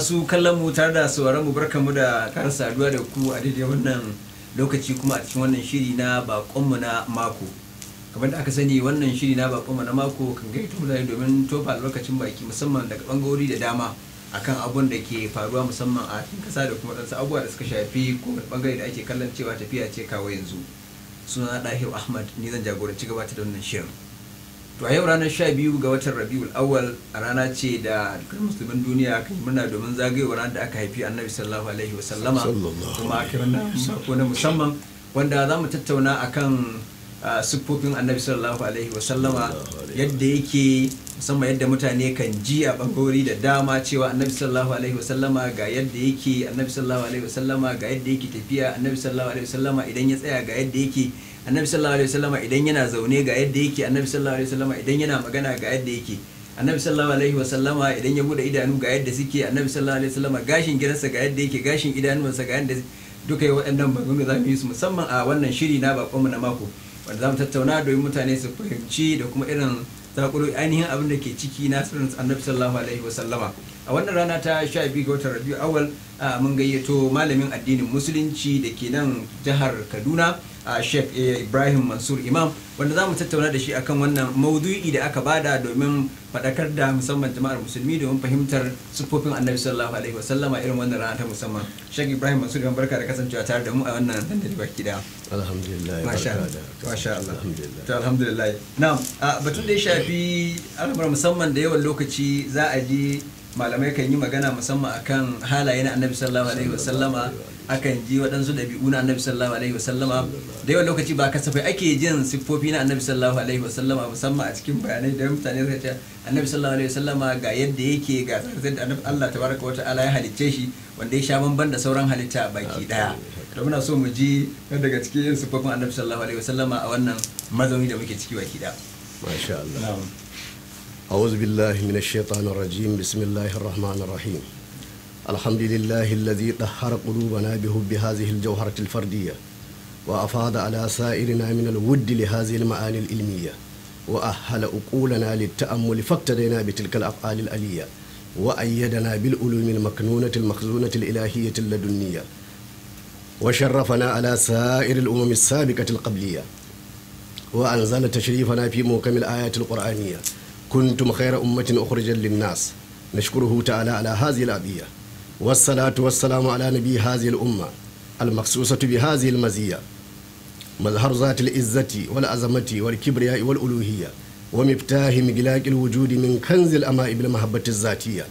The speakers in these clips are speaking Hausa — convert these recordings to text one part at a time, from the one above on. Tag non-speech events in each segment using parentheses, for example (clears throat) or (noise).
masu kallon mu tare da sauraron mu mu da karar saduwa da ku a daidai wannan lokaci kuma a cikin wannan shiri na bakonmu na mako kamar da aka sani wannan shiri na bakonmu na mako kan ita mutane domin tofa lokacin baki musamman daga bangarori da dama akan abun da ke faruwa musamman a cikin kasa da kuma ɗansa abuwa da suka shafi ko bangare da ake kallon cewa tafiya ce kawo yanzu suna ɗahir ahmad ni zan jagoranci gabata da wannan shirin to a yau ranar 12 ga watan rabiul awal rana ce da dukkan musulmin duniya kan murna domin zagayowar ranar da aka haifi annabi sallallahu alaihi sallama kuma aka wannan mako na musamman wanda za mu tattauna akan siffofin annabi sallallahu alaihi wa sallama yadda yake musamman yadda mutane kan ji a bangori da dama cewa annabi sallallahu alaihi wa sallama ga yadda yake annabi sallallahu alaihi sallama ga yadda yake tafiya annabi sallallahu alaihi sallama idan ya tsaya ga yadda yake annabi sallallahu alaihi wasallama idan yana zaune ga yadda yake annabi sallallahu alaihi wasallama idan yana magana ga yadda yake annabi sallallahu alaihi wasallama idan ya bude idanu ga yadda suke annabi sallallahu alaihi wasallama gashin gidansa ga yadda yake gashin idanunsa ga yadda duka yi waɗannan maganganu za mu yi su musamman a wannan shiri na bakonmu na mako wanda za mu tattauna domin mutane su fahimci da kuma irin zakuro ainihin abin da ke ciki na sirrin annabi sallallahu alaihi wasallama a wannan rana ta 12 ga watan rabiu awal mun gayyato malamin addinin musulunci da ke nan jihar kaduna Sheikh eh, Ibrahim Mansur Imam wanda za mu tattauna da shi akan wannan maudu'i da aka bada domin faɗakar da musamman jama'ar musulmi domin fahimtar sufofin annabi sallallahu alaihi wasallama irin wannan rana ta musamman Sheikh Ibrahim Mansur Imam barka da kasancewa tare da mu a wannan dandali baki da alhamdulillah masha Allah to alhamdulillah na'am batun da ya shafi al'amura musamman da yawan lokaci za a ji malamai kan yi magana musamman akan halaye na annabi sallallahu alaihi wasallama akan ji waɗansu ɗabi'u na annabi sallallahu alaihi wasallama da yawan lokaci ba kasafai ake jin siffofi na annabi sallallahu alaihi wasallama musamman a cikin bayanai da mutane suka ce annabi sallallahu alaihi wasallama ga yadda yake ga tsarkar da annabi Allah tabaraka wa ta'ala ya halicce shi wanda ya sha bamban da sauran halitta baki daya da muna so mu ji daga cikin yin siffofin annabi sallallahu alaihi wasallama a wannan mazauni da muke ciki baki daya masha Allah أعوذ بالله من الشيطان الرجيم بسم الله الرحمن الرحيم الحمد لله الذي طهر قلوبنا بحب هذه الجوهرة الفردية وأفاض على سائرنا من الود لهذه المعاني العلمية وأهل أقولنا للتأمل فاقتدينا بتلك الأفعال الألية وأيدنا بالعلوم المكنونة المخزونة الإلهية اللدنية وشرفنا على سائر الأمم السابقة القبلية وأنزل تشريفنا في موكم الآيات القرآنية كنتم خير أمة أخرجا للناس نشكره تعالى على هذه الأبيات والصلاة والسلام على نبي هذه الأمة المخصوصة بهذه المزية مظهر ذات العزة والعظمة والكبرياء والألوهية ومفتاح مقلاق الوجود من كنز الأماء بالمحبة الذاتية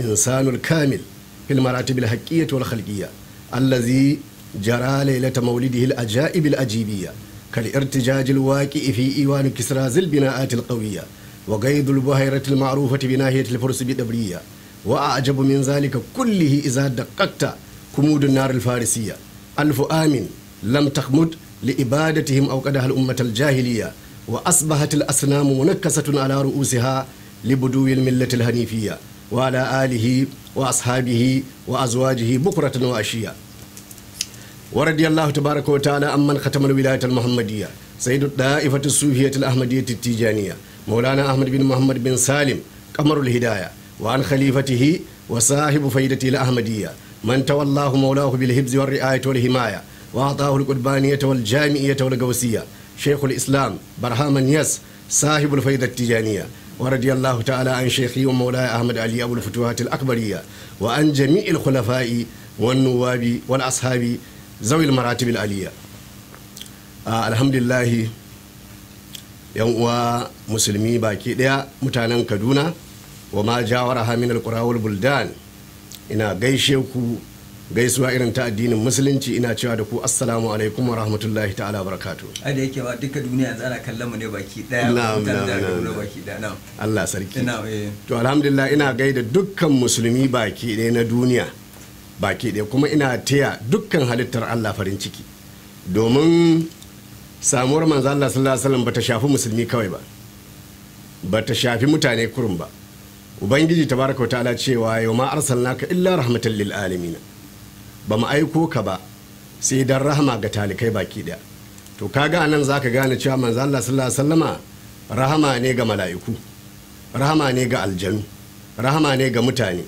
إنسان الكامل في المراتب الحقية والخلقية الذي جرى ليلة مولده الأجائب الأجيبية كالارتجاج الواقع في إيوان كسرى ذي البناءات القوية وقيد البهيرة المعروفة بناهية الفرس بدبرية وأعجب من ذلك كله إذا دققت كمود النار الفارسية ألف آمن لم تخمد لإبادتهم أو قدها الأمة الجاهلية وأصبحت الأصنام منكسة على رؤوسها لبدو الملة الهنيفية وعلى آله وأصحابه وأزواجه بكرة وعشية ورضي الله تبارك وتعالى أمن ختم الولاية المحمدية سيد الطائفة الصوفية الأحمدية التيجانية مولانا أحمد بن محمد بن سالم قمر الهداية وعن خليفته وصاحب فائدته الأحمدية من تولاه مولاه بالهبز والرعاية والحماية وأعطاه القربانية والجامعية والقوسية شيخ الإسلام برهام يس صاحب الفائدة التجانية ورضي الله تعالى عن شيخي ومولاي أحمد علي أبو الفتوحات الأكبرية وعن جميع الخلفاء والنواب والأصحاب ذوي المراتب العالية آه الحمد لله yan uwa musulmi baki daya mutanen kaduna wa ma jawara hamin alqurawul buldan ina gaishe ku gaisuwa irin ta addinin musulunci ina cewa da ku assalamu alaikum wa rahmatullahi ta'ala barakatu a da yake ba duka duniya yanzu ana kallon mu ne baki daya baki daya Allah sarki to alhamdulillah ina gaida dukkan musulmi baki ne na duniya baki ɗaya kuma ina taya dukkan halittar Allah farin ciki domin samuwar manzo Allah sallallahu alaihi wasallam bata shafi musulmi kawai ba bata shafi mutane kurum ba ubangiji tabaraka wa ta'ala cewa yau ma arsalnaka illa rahmatan lil alamin ba mu aiko ka ba sai dan rahama ga talikai baki daya to kaga anan zaka gane cewa manzo Allah sallallahu alaihi wasallama rahama ne ga mala'iku rahama ne ga aljanu rahama ne ga mutane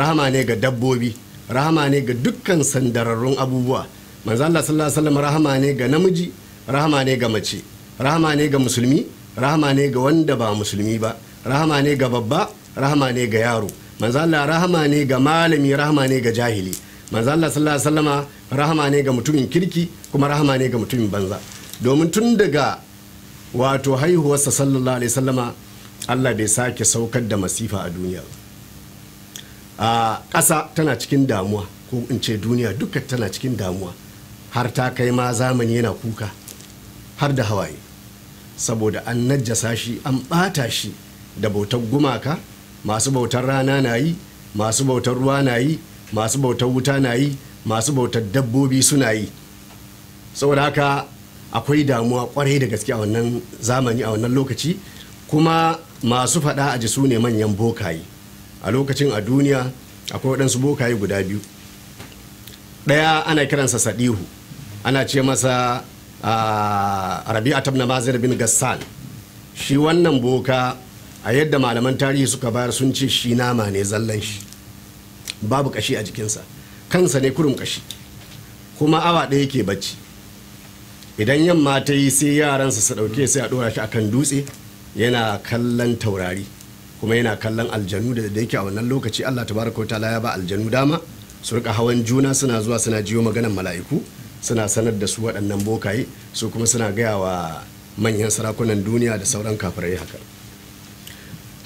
rahama ne ga dabbobi rahama ne ga dukkan sandararrun abubuwa manzo Allah sallallahu alaihi wasallama rahama ne ga namiji rahama ne ga mace rahama ne ga musulmi rahama ne ga wanda ba musulmi ba rahama ne ga babba rahama ne ga yaro manzo Allah rahama ne ga malami rahama ne ga jahili manzo Allah sallallahu alaihi rahama ne ga mutumin kirki kuma rahama ne ga mutumin banza domin tun daga wato haihuwarsa sallallahu alaihi wasallama Allah bai sake saukar da masifa a duniya a ƙasa tana cikin damuwa ko in ce duniya duka tana cikin damuwa har ta kai ma zamani yana kuka har da hawaye saboda an najjasa shi an ɓata shi da bautar gumaka masu bautar rana na yi masu bautar ruwa na yi masu bautar wuta na yi masu bautar dabbobi suna yi saboda haka akwai damuwa kwarai da gaske a wannan zamani a wannan lokaci kuma masu faɗa a ji su ne manyan bokaye a lokacin a duniya akwai waɗansu bokaye guda biyu ɗaya ana kiransa sadihu ana ce masa ah, rabi'a tabna mazir bin gassan shi wannan boka a yadda malaman tarihi suka bayar sun ce shi nama ne zallan shi babu kashi a jikinsa kansa ne kurum kashi kuma awa ɗaya ke bacci idan yamma ta yi sai yaransa su ɗauke sai a ɗora shi akan dutse yana kallon taurari kuma yana kallon aljanu da da yake a wannan lokaci Allah tabaraka ta'ala ya ba aljanu dama su rika hawan juna suna zuwa suna jiyo maganan mala'iku suna sanar da su waɗannan bokaye su kuma suna gaya wa manyan sarakunan duniya da sauran kafirai haka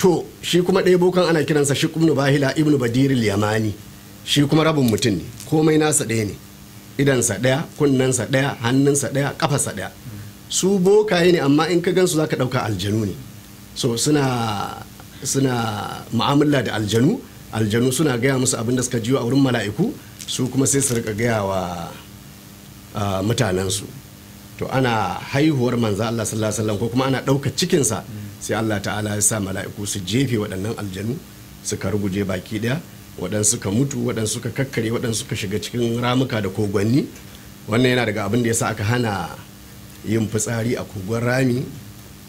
to shi kuma ɗaya bokan ana kiransa shi ibnu bahila ibnu badiril yamani shi kuma rabin mutum ne komai nasa ɗaya ne idansa ɗaya kunnensa ɗaya hannunsa ɗaya ƙafasa ɗaya su bokaye ne amma in ka gansu za ka ɗauka aljanu ne so suna suna mu'amala da aljanu aljanu suna gaya musu abin da suka jiyo a wurin mala'iku su kuma sai su rika gaya wa mutanensu to ana haihuwar manzo Allah sallallahu alaihi wasallam ko kuma ana ɗauka cikinsa sai Allah ta'ala ya sa mala'iku su jefe waɗannan aljanu suka ruguje baki ɗaya waɗansu suka mutu waɗansu suka kakkare waɗansu suka shiga cikin ramuka da kogwanni wannan yana daga abin da ya sa aka hana yin fitsari a kogon rami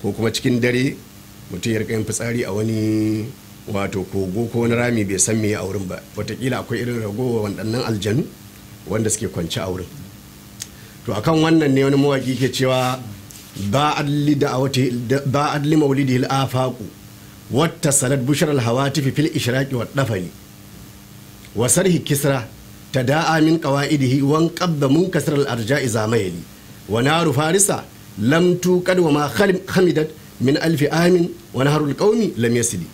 ko kuma cikin dare mutum ya rika yin fitsari a wani wato kogo ko wani rami bai san me a wurin ba Wataƙila akwai irin ragowa waɗannan aljanu wanda suke kwance a wurin to akan wannan ne wani mawaki ke cewa ba'ad li maulidi ba'ad li wata salat bushar alhawa tafi fil ishiraki wa dafani wa sarhi kisra da'a min qawaidihi wan qabda kasar al iza zamayli wa naru farisa lam tuqad wa ma khamidat min alfi amin wa naharu al-qaumi lam yasli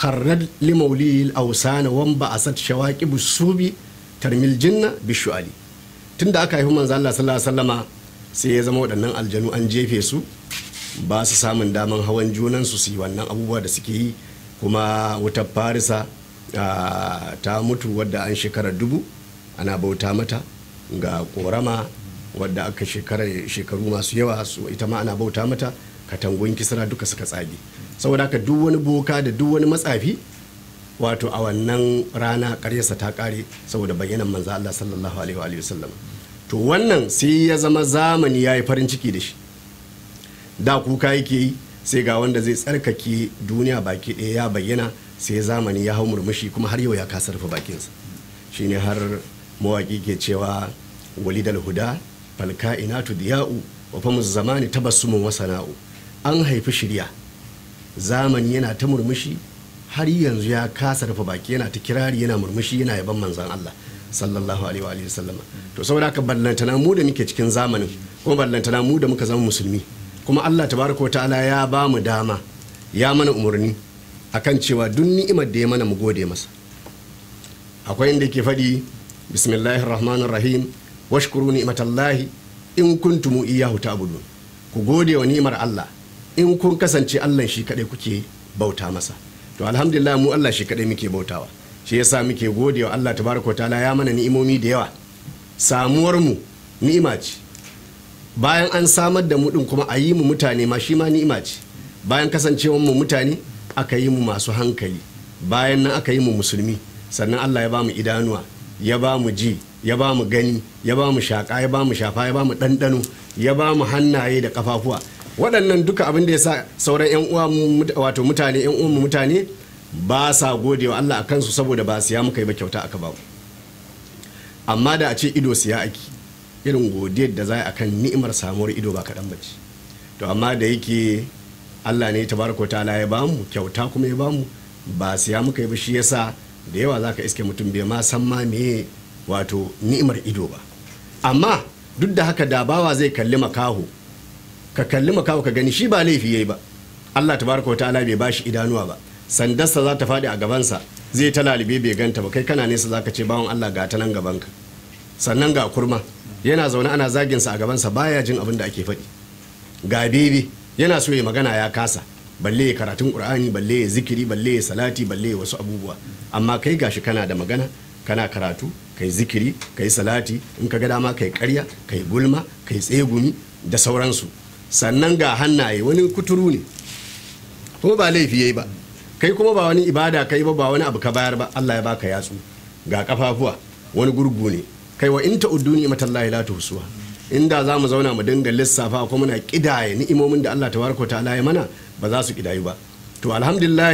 kharrad li mawlidihi al-awsan wan ba'asat shawaqib subi tarmil jinna bishuali tunda aka haifi manzo Allah sallallahu alaihi wasallama sai ya zama waɗannan aljanu an jefe su ba su samun daman hawan junansu su yi wannan abubuwa da suke yi kuma wutar farisa ta mutu wadda an shekarar dubu ana bauta mata ga korama wadda aka shekaru masu yawa su ita ma ana bauta mata katangun kisra duka suka tsage saboda haka duk wani boka da duk wani matsafi wato a wannan rana karyarsa ta kare saboda bayyanan manza Allah sallallahu alaihi wa sallam to wannan sai ya zama zamani ya yi farin ciki da shi da kuka yake yi sai ga wanda zai tsarkake duniya baki ɗaya ya bayyana sai zamani ya hau murmushi kuma har yau ya kasa rufe bakinsa ne har mawaƙi ke cewa walidal huda falka ina tu diya'u wa famu zamani tabassumin wasana'u an haifi shirya zamani yana ta murmushi har yanzu ya kasa rufe baki yana ta kirari yana murmushi yana yaban manzan Allah sallallahu alaihi wa sallama to saboda haka ballantana mu da muke cikin zamanin kuma ballantana mu da muka zama musulmi kuma Allah tabaraka wa ta'ala ya ba mu dama ya mana umarni akan cewa duk ni'imar da ya mana mu gode masa akwai inda yake faɗi bismillahir rahmanir rahim washkuru ni'matallahi in kuntum iyyahu ta'budun ku gode wa ni'imar Allah in kun kasance Allah shi kadai kuke bauta masa to alhamdulillah mu Allah shi kadai muke bautawa shi yasa muke gode wa Allah tabaraka ta'ala ya mana ni'imomi da yawa samuwar mu ni'ima ce bayan an samar da mu din kuma a yi mu mutane ma shi ma ni'ima ce bayan kasancewar mu mutane aka yi mu masu hankali bayan nan aka yi mu musulmi sannan Allah ya ba mu idanuwa ya ba mu ji ya ba mu gani ya ba mu shaƙa ya ba mu shafa ya ba mu ɗanɗano ya ba mu hannaye da kafafuwa waɗannan duka abin da ya sa sauran 'yan uwa wato mutane 'yan uwa mutane ba sa gode wa Allah a kansu saboda ba siya muka yi ba kyauta aka ba amma da a ce ido siya ake irin godiyar da za a kan ni'imar samuwar ido ba kaɗan bace to amma da yake Allah ne tabaraka ta'ala ya bamu kyauta kuma ya bamu ba siya muka yi ba shi yasa da yawa za ka iske mutum bai ma san ma me wato ni'imar ido ba amma duk da haka da bawa zai kalli makaho ka kalli makaho ka gani shi ba laifi yayi ba Allah tabaraka ta'ala bai ba shi idanuwa ba sandarsa za ta faɗi a gabansa zai ta lalibe bai ganta ba kai kana nesa za ka ce bawan allah ga ta nan ka sannan ga kurma yana zaune ana zaginsa a gabansa baya jin abin da ake faɗi ga bebe yana so ya magana ya kasa balle ya karatun qur'ani balle ya zikiri balle ya salati balle ya wasu abubuwa amma kai gashi kana da magana kana karatu kai zikiri kai salati in ka ga dama kai karya kai gulma kai tsegumi da sauransu sannan ga hannaye wani kuturu ne ko ba laifi yayi ba kai kuma ba wani ibada kai ba ba wani abu ka bayar ba Allah ya baka yatsu ga kafafuwa wani gurgu ne kai wa in ta'uddu ni'matallahi la husuwa inda zamu zauna mu dinga lissafa kuma muna kidaya ni'imomin da Allah tabaraka ta'ala ya mana ba za su kidayu ba to alhamdulillah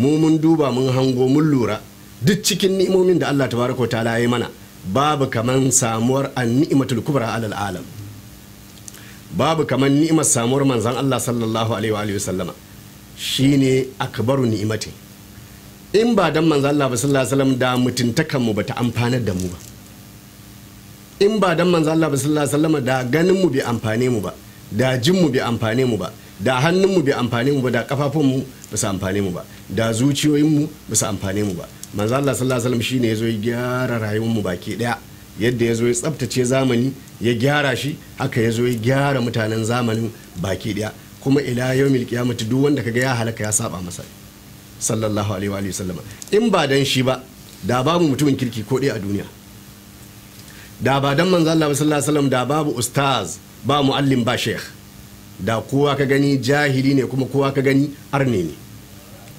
mu mun duba mun hango mun lura duk cikin ni'imomin da Allah tabaraka ta'ala ya mana babu kaman samuwar an-ni'matul kubra alal alam babu kaman ni'imar samuwar manzon Allah sallallahu alaihi wa alihi shine akbaru ni'imati in ba dan manzo Allah ba sallallahu alaihi wasallam da mutuntakan mu bata amfanar da mu ba in ba dan manzo Allah ba sallallahu alaihi wasallam da ganin mu bi amfane mu ba da jin mu bi amfane mu ba da hannun mu bi amfane mu ba da kafafun mu ba su amfane mu ba da zuciyoyin mu ba su amfane mu ba manzo Allah sallallahu alaihi wasallam shine yazo ya gyara rayuwar mu baki daya yadda ya zo ya tsaftace zamani ya gyara shi haka ya zo ya gyara mutanen zamanin baki daya kuma ila yawmil qiyamati duk wanda kaga ya halaka ya saba masa sallallahu alaihi wa sallama in ba dan shi ba da babu mutumin kirki ko dai a duniya da ba dan manzo Allah sallallahu alaihi wasallam da babu ustaz ba muallim ba sheikh da kowa ka gani jahili ne kuma kowa ka gani arne ne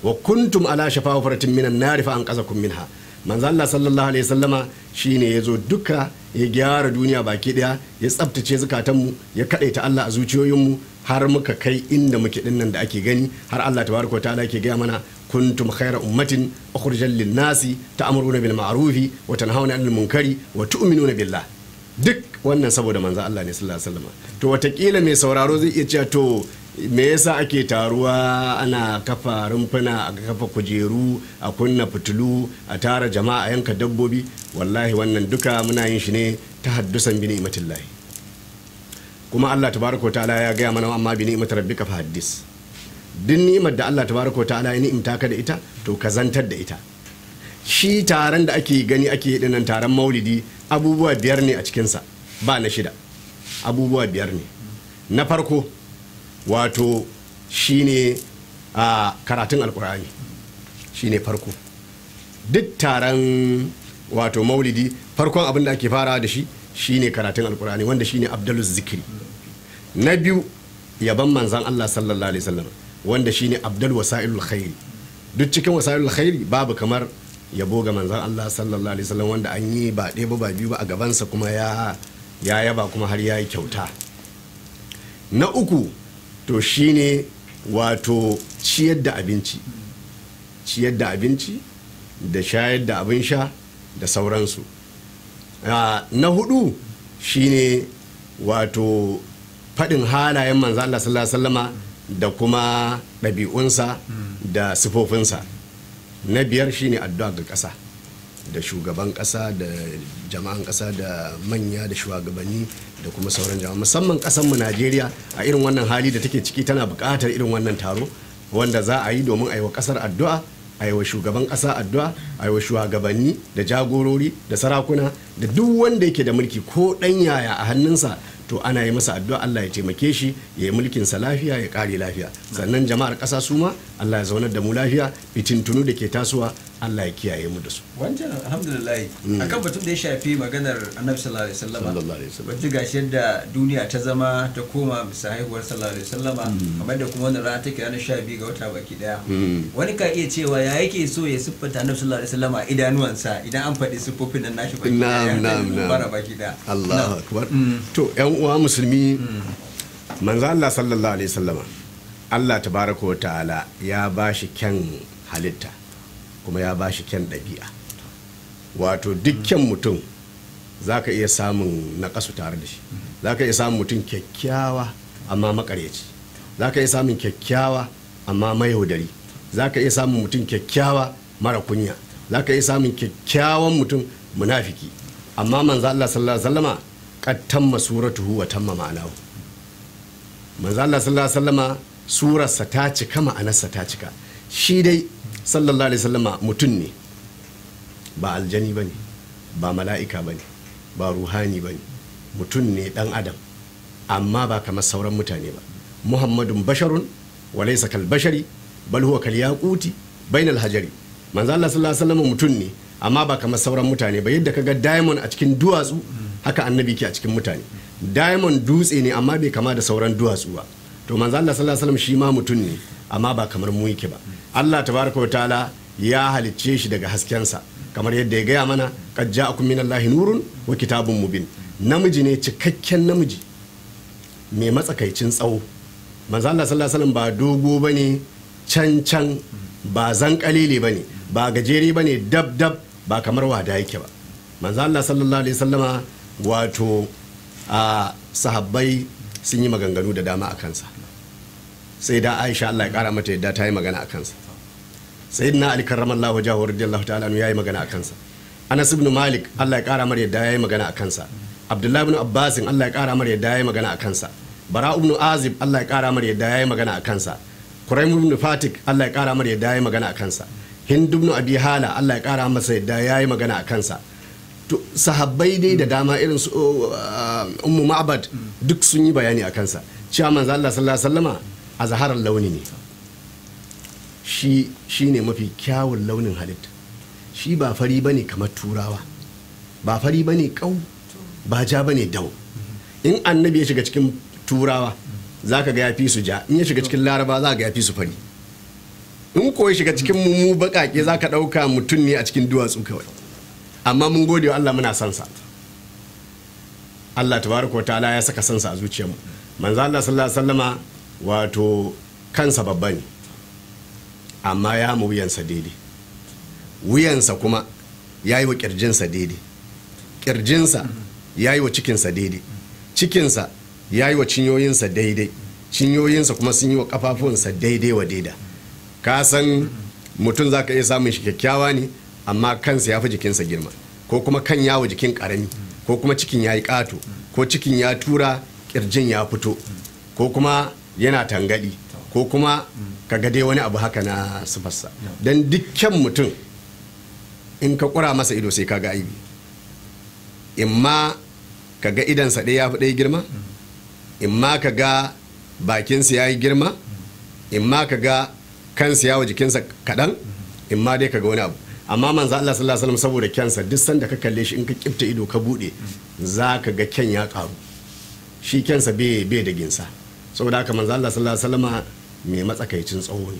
wa kuntum ala shafa faratin minan nari an qazakum minha manzo Allah sallallahu alaihi wasallama shine yazo duka ya gyara duniya baki daya ya tsabtace zukatanmu ya kadaita Allah a zuciyoyinmu har muka kai inda muke dinnan da ake gani har Allah tabaraka wa ke gaya mana kuntum khayra ummatin ukhrijal lin nasi ta'muruna bil ma'rufi wa tanhauna 'anil munkari wa tu'minuna billah duk wannan saboda manzo Allah ne sallallahu alaihi wasallam to watakila mai sauraro zai iya cewa to me yasa ake taruwa ana kafa rumfuna a kafa kujeru a kunna fitilu a tara jama'a a yanka dabbobi wallahi wannan duka muna yin shi ne ta haddusan bi ni'matillahi kuma Allah tabaraka ta'ala ya gaya mana amma bi ni'mat rabbika fa haddis din ni'mat da Allah tabaraka ta'ala ya ni'imta ka da ita to ka zantar da ita shi taron da ake gani ake yi taron maulidi abubuwa biyar ne a cikinsa ba na shida abubuwa biyar ne na farko wato shine a karatun alkur'ani shine farko duk taron wato maulidi farkon abin da ake fara da shi shine karatun alkur'ani wanda shine abdulus zikiri na biyu yaban manzan allah sallallahu alaihi wasallam wanda shine abdul wasa'ilul khairi duk cikin wasa'ilul khairi babu kamar yabo ga manzan allah sallallahu alaihi wasallam wanda an yi ba ɗaya ba biyu ba a gabansa kuma ya ya yaba kuma har ya yi kyauta na uku to shine wato ciyar da abinci ciyar da abinci da shayar da abin sha da sauransu na hudu shine wato faɗin halayen manzo Allah sallallahu alaihi da kuma ɗabi'unsa da sifofinsa na biyar shine addu'a ga ƙasa da shugaban kasa da jama'an kasa da manya da shugabanni da kuma sauran jama'a musamman kasanmu najeriya a irin wannan hali da take ciki tana buƙatar irin wannan taro wanda za a yi domin a yi kasar addu'a a shugaban kasa addu'a a shugabanni da jagorori da sarakuna da duk wanda yake da mulki ko ɗan yaya a hannunsa to ana yi masa addu'a Allah ya taimake shi ya yi mulkin sa lafiya ya kare lafiya sannan jama'ar ƙasa su ma Allah ya zaunar da mu lafiya fitintunu da ke tasowa Allah ya kiyaye mu da su wancan alhamdulillah mm. akan batun da ya shafi maganar annabi sallallahu alaihi wasallama wacce gashi yadda duniya ta zama ta koma bisa haihuwar sallallahu alaihi wasallama mm. kamar da kuma wannan rana take ranar biyu ga wata baki daya mm. wani ka iya cewa ya yake so ya siffanta annabi sallallahu alaihi wasallama idanuwansa idan an faɗi siffofin nan nashi baki daya na'am na'am baki daya Allahu akbar to ƴan uwa musulmi manzo Allah sallallahu alaihi wasallama Allah tabaraka wa ta'ala ya bashi kyan halitta kuma ya bashi kyan ɗabi'a wato duk kyan mutum za ka iya samun naƙasu tare da shi za ka iya samun mutum kyakkyawa amma makaryaci za ka iya samun kyakkyawa amma mayaudari za ka iya samun mutum kyakkyawa mara kunya za ka iya samun kyakkyawan mutum munafiki amma manzo Allah sallallahu alaihi wasallama tamma wa tamma ma'anahu manzo Allah sallallahu alaihi wasallama surarsa ta cika ma'anarsa ta cika shi dai sallallahu alaihi sallama mutum ne ba aljani ba ne ba mala'ika ba ne ba ruhani ba ne mutum ne dan adam amma ba kamar sauran mutane ba muhammadun basharun walaysa kal bashari bal huwa kal yaquti bainal hajari manzo Allah sallallahu alaihi sallama mutum ne amma ba kamar sauran mutane ba yadda kaga diamond a cikin duwatsu haka annabi ke a cikin mutane diamond dutse ne amma bai kama da sauran duwatsu ba to manzo Allah sallallahu alaihi shi ma mutum ne amma ba kamar mu yake ba Allah tabaraka wa ta'ala ya halicce shi daga haskensa kamar yadda ya gaya mana qad ja'akum minallahi nurun wa kitabun mubin namiji ne cikakken namiji mai matsakaicin tsawo manzo Allah sallallahu alaihi wasallam ba dogo bane can can ba zan kalile bane ba gajere bane dab dab ba kamar wada yake ba manzo Allah sallallahu alaihi sallama wato a sahabbai sun yi maganganu da dama a kansa sai da Aisha Allah ya kara mata yadda ta yi magana a kansa sayyidina ali karramallahu wajahu radiyallahu ta'ala ya yi magana a kansa anas ibn malik Allah ya kara mar yadda ya yi magana a kansa abdullahi ibn abbasin Allah ya kara mar yadda ya yi magana a kansa bara ibn azib Allah ya kara mar yadda ya yi magana a kansa kuraim ibn fatik Allah ya kara mar yadda ya yi magana a kansa hind ibn abi hala Allah ya kara masa yadda ya yi magana a kansa sahabbai dai da dama irin su uh, ummu ma'bad duk sun yi bayani a kansa cewa manzo Allah sallallahu alaihi wasallama a zaharar launi ne shi ne mafi kyawun launin halitta shi ba fari bane kamar turawa ba fari bane kau ba ja bane dau in annabi ya shiga cikin turawa za ka ga ya fi su ja in ya shiga cikin laraba za ka ga ya fi su fari in ko ya shiga cikin mu bakake za ka ɗauka mutum ne a cikin duwatsu kawai amma mun gode wa Allah muna son sa Allah tabaraka ta'ala ya saka son sa a zuciyarmu manzo Allah sallallahu alaihi wasallama wato kansa babba ne amma ya mu wuyansa daidai wuyansa kuma ya yi wa kirjinsa daidai kirjinsa ya yi wa cikinsa daidai cikinsa ya yi wa cinyoyinsa daidai cinyoyinsa kuma sun yi wa kafafunsa daidai wa daida ka san mutum za ka iya samun shi kyakkyawa ne amma kansa ya fi jikinsa girma ko kuma kan yawo jikin karami ko kuma cikin ya yi ƙato ko cikin ya tura kirjin ya fito ko kuma yana tangadi ko kuma ka ga dai wani abu haka na sifarsa don dukkan mutum in ka kura masa ido sai ka ga aibi imma ka ga idansa ɗaya ya fi ɗaya girma imma ka ga bakinsa ya yi girma imma ka ga kansa ya yawa jikinsa kaɗan imma dai ka ga wani abu amma manzo Allah sallallahu alaihi wasallam saboda kyansa duk sanda ka kalle shi in ka kifta ido ka bude za ka ga kyan ya karu shi kyansa bai da ginsa saboda haka manzo Allah sallallahu alaihi wasallam mai matsakaicin tsawo ne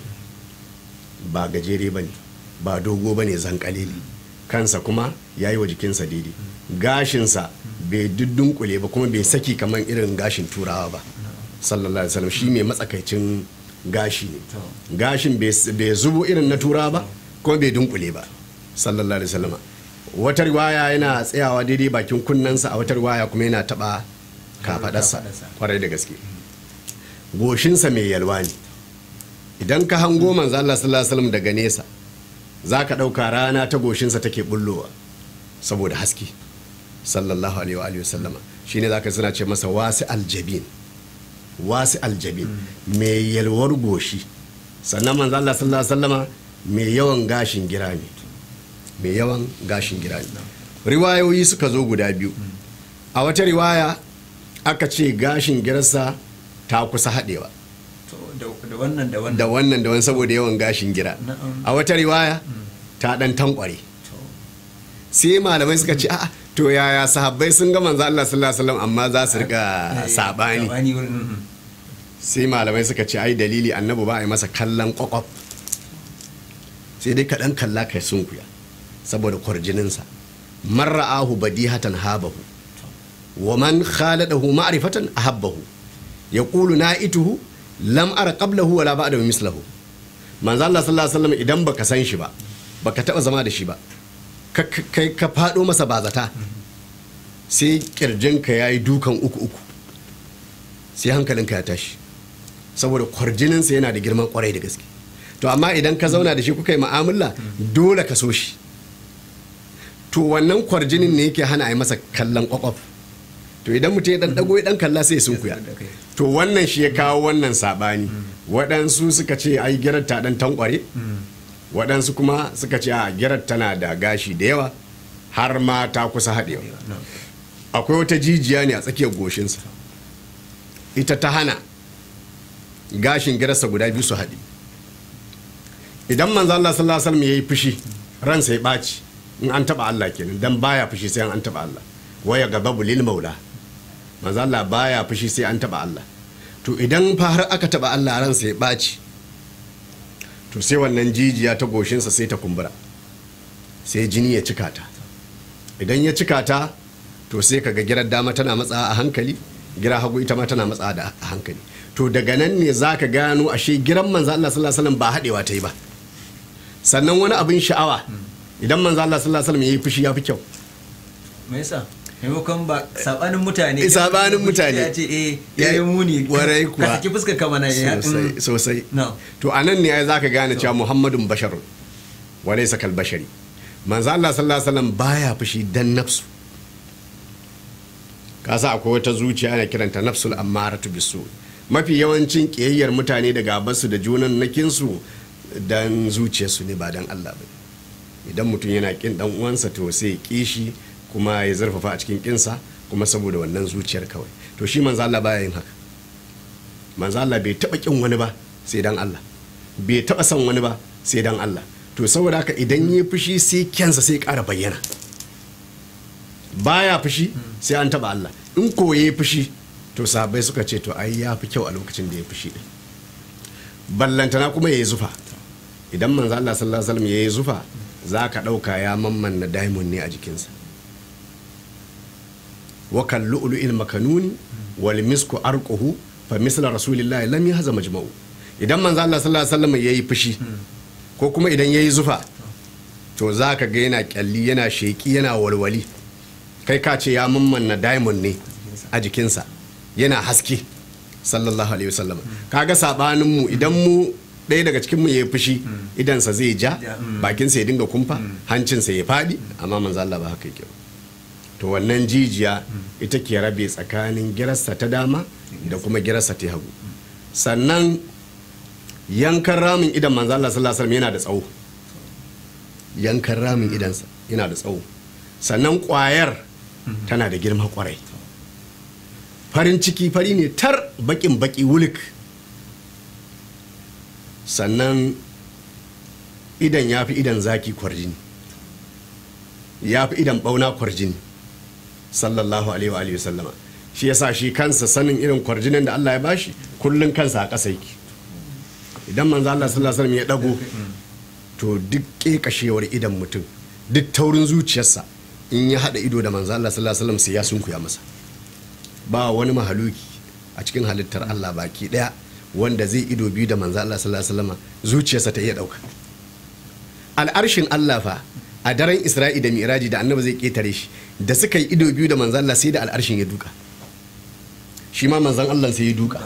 ba gajere ba ne ba dogo ba ne zankalili kansa kuma ya yi wa jikinsa daidai gashinsa bai duddunkule ba kuma bai saki kamar irin gashin turawa ba sallallahu alaihi wasallam shi mai matsakaicin gashi ne gashin bai zubo irin na turawa ba kuma bai dunkule ba sallallahu alaihi wasallam wata riwaya yana tsayawa daidai bakin kunnensa a wata riwaya kuma yana taba kafadarsa kwarai da gaske goshinsa mai yalwa ne idan ka hango manzo Allah sallallahu alaihi wasallam daga nesa zaka dauka rana ta goshinsa take bullowa saboda haske sallallahu alaihi wa alihi wasallama shine zaka suna ce masa wasi aljabin wasi aljabin mai yalwar goshi sannan manzo Allah sallallahu alaihi wasallama mai yawan gashin gira ne mai yawan gashin gira ne riwayoyi suka zo guda biyu a wata riwaya aka ce gashin girarsa ta kusa haɗewa da wannan da wannan saboda yawan gashin gira a wata riwaya ta dan tankware sai malamai suka ce a'a to yaya sahabbai sun ga manzo Allah sallallahu alaihi wasallam amma za su rika eh, eh, sabani mm-hmm. sai malamai suka ce ai dalili annabi ba a yi masa kallon kwakwaf sai dai kaɗan kalla kai kuya saboda kwarjininsa man ra'ahu badihatan habahu wa man khaladahu ma'rifatan ahabbahu yaqulu na'ituhu lam ara qablahu wala ba'da mislahu manzo Allah sallallahu alaihi wasallam idan baka san shi ba baka taba zama da shi ba kai ka fado masa bazata sai ka yayi dukan uku uku sai hankalinka ya tashi saboda kwarjininsa yana da girman kwarai da gaske to amma idan ka zauna da shi kuka yi mu'amala dole ka so shi to wannan kwarjinin ne yake hana a yi masa kallon kwakwaf to idan mutum ya dan dago ya dan kalla sai ya sunkuya to wannan shi ya kawo wannan sabani waɗansu suka ce ai gyarar ta dan tankware waɗansu kuma suka ce a gyarar tana da gashi da yawa har ma ta kusa haɗewa akwai wata jijiya ne a tsakiyar goshinsa ita ta hana gashin girarsa guda biyu su haɗe idan manzo Allah sallallahu alaihi wasallam yayi fushi ransa ya ɓaci in an taba Allah kenan dan baya fushi sai an taba Allah waya gababu lil maula manzo Allah baya fushi sai an taba Allah to idan fa har aka taba Allah ransa ya baci to sai wannan jijiya ta goshinsa sai ta kumbura sai jini ya cika ta idan ya cika ta to sai kaga girar dama tana matsa a hankali gira hagu ita ma tana matsa da a hankali to daga nan ne za ka gano ashe giran manzo Allah sallallahu alaihi wasallam ba hadewa ta yi ba sannan wani abin sha'awa idan manzo Allah sallallahu alaihi wasallam yayi fushi ya fi kyau me yasa maimakon ba sabanin mutane eh, sabanin mutane ya ce eh ya yi eh, muni warai kuwa ka ki fuskar kama na ya sosai sosai to anan ne ai zaka gane cewa muhammadun basharun wa laysa kal bashari manzo Allah sallallahu alaihi wasallam baya fushi dan nafsu ka sa akwai wata zuciya ana kiranta nafsul ammaratu bisu mafi yawancin kiyayyar mutane daga basu da junan nakinsu dan zuciyarsu ne ba dan Allah ba idan mutum yana kin dan uwansa to sai kishi kuma ya zarfafa a cikin kinsa kuma saboda wannan zuciyar kawai to shi manzo Allah baya yin haka manzo Allah bai taba kin wani ba sai dan Allah bai taba son wani ba sai dan Allah to saboda haka idan ya fushi sai kyansa sai ƙara bayyana baya fushi sai an taba Allah in ko ya yi fushi to sabai suka ce to ai ya fi kyau a lokacin da ya fushi din ballantana kuma ya yi zufa idan manzo Allah sallallahu alaihi wasallam ya yi zufa za ka ɗauka ya mamman na diamond ne a jikinsa wa kan lu'lu'il makanuni wal misku arquhu fa misla rasulillahi lam yahza majma'u idan manzo Allah sallallahu alaihi wasallam yayi fushi ko kuma idan yayi zufa to zaka ga yana kyalli yana sheki yana walwali kai ka ce ya na diamond ne a jikinsa yana haske sallallahu alaihi wasallam kaga sabanin mu idan mu ɗaya daga cikin mu ya fushi hmm. idansa zai ja hmm. bakinsa ya dinga kumfa hmm. sa ya faɗi amma manzo Allah ba haka yake ba to wannan jijiya ita ke rabe tsakanin girarsa ta dama da kuma girarsa ta hagu sannan yankan ramin idan manzo Allah sallallahu alaihi wasallam yana da tsawo yankan ramin idansa yana da tsawo sannan kwayar tana da girma kwarai farin ciki fari ne tar bakin baki wulik sannan idan ya fi idan zaki kwarjini ya fi idan bauna kwarjini sallallahu alaihi wa alihi sallama shi ya sa shi kansa sanin irin kwarjinin da Allah ya bashi kullum kansa a ƙasa yake idan manzo Allah sallallahu alaihi ya dago to duk kekashewar idan mutum duk taurin zuciyarsa in ya hada ido da manzo Allah sallallahu alaihi sai ya sunkuya masa ba wani mahaluki a cikin halittar Allah baki daya wanda zai ido biyu da manzo Allah sallallahu alaihi zuciyarsa ta iya dauka al'arshin Allah fa a daren isra'i da miraji da annabi zai ketare shi da suka yi ido biyu da manzan Allah sai da al'arshin ya duka shi ma manzan Allah sai ya duka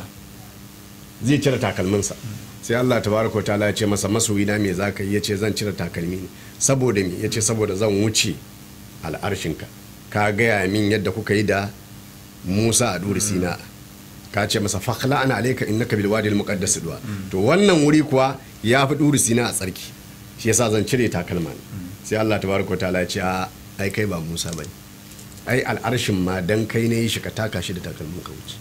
zai cire takalminsa sai Allah tabaraka wa ta'ala ya ce masa na me zaka yi ce zan cire takalmi ne saboda me yace saboda zan wuce al'arshin ka gaya min yadda kuka yi da Musa a duri Sina ka ce masa fakhla ana alayka innaka bil wadi al muqaddas duwa to wannan wuri kuwa ya fi duri Sina a tsarki shi yasa zan cire takalman sai Allah tabaraka ta'ala ya ce a ai kai ba Musa ne ai al'arshin ma dan kai ne shi ka taka shi da takalmin ka wuce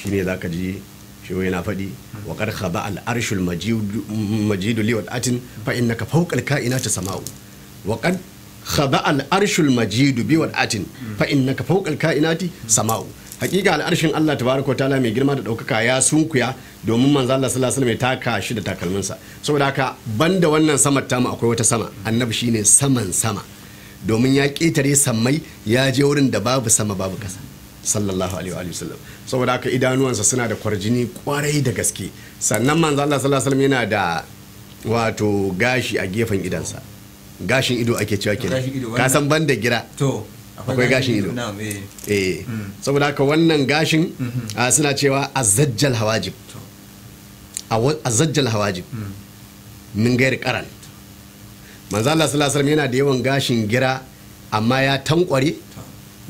shine ka ji shi na faɗi wa qad ba al'arshin majidu li wad'atin fa ka fawqa ka'ina ta sama'u wa qad ba al'arshin majidu bi fa'in fa ka fawqa ka'ina ta sama'u hakika al'arshin Allah tabaraka ta'ala mai girma da daukaka ya sunkuya domin manzo Allah sallallahu alaihi wasallam ya taka shi da takalminsa saboda haka banda wannan ta mu akwai wata sama annabi shine saman sama domin ya ketare sammai ya je wurin da babu sama babu kasa sallallahu alaihi wa sallam saboda haka idanuwansa suna da kwarjini kwarai da gaske sannan manzo Allah sallallahu alaihi wasallam yana da wato gashi a gefen idansa gashin ido ake cewa kenan ka san banda gira to akwai gashin ido eh, eh. Hmm. saboda haka wannan gashin mm-hmm. ah, suna cewa azajjal hawajib azajjal hawajib hmm. min gayar karan manzo Allah sallallahu alaihi yana da yawan gashin gira amma ya tankware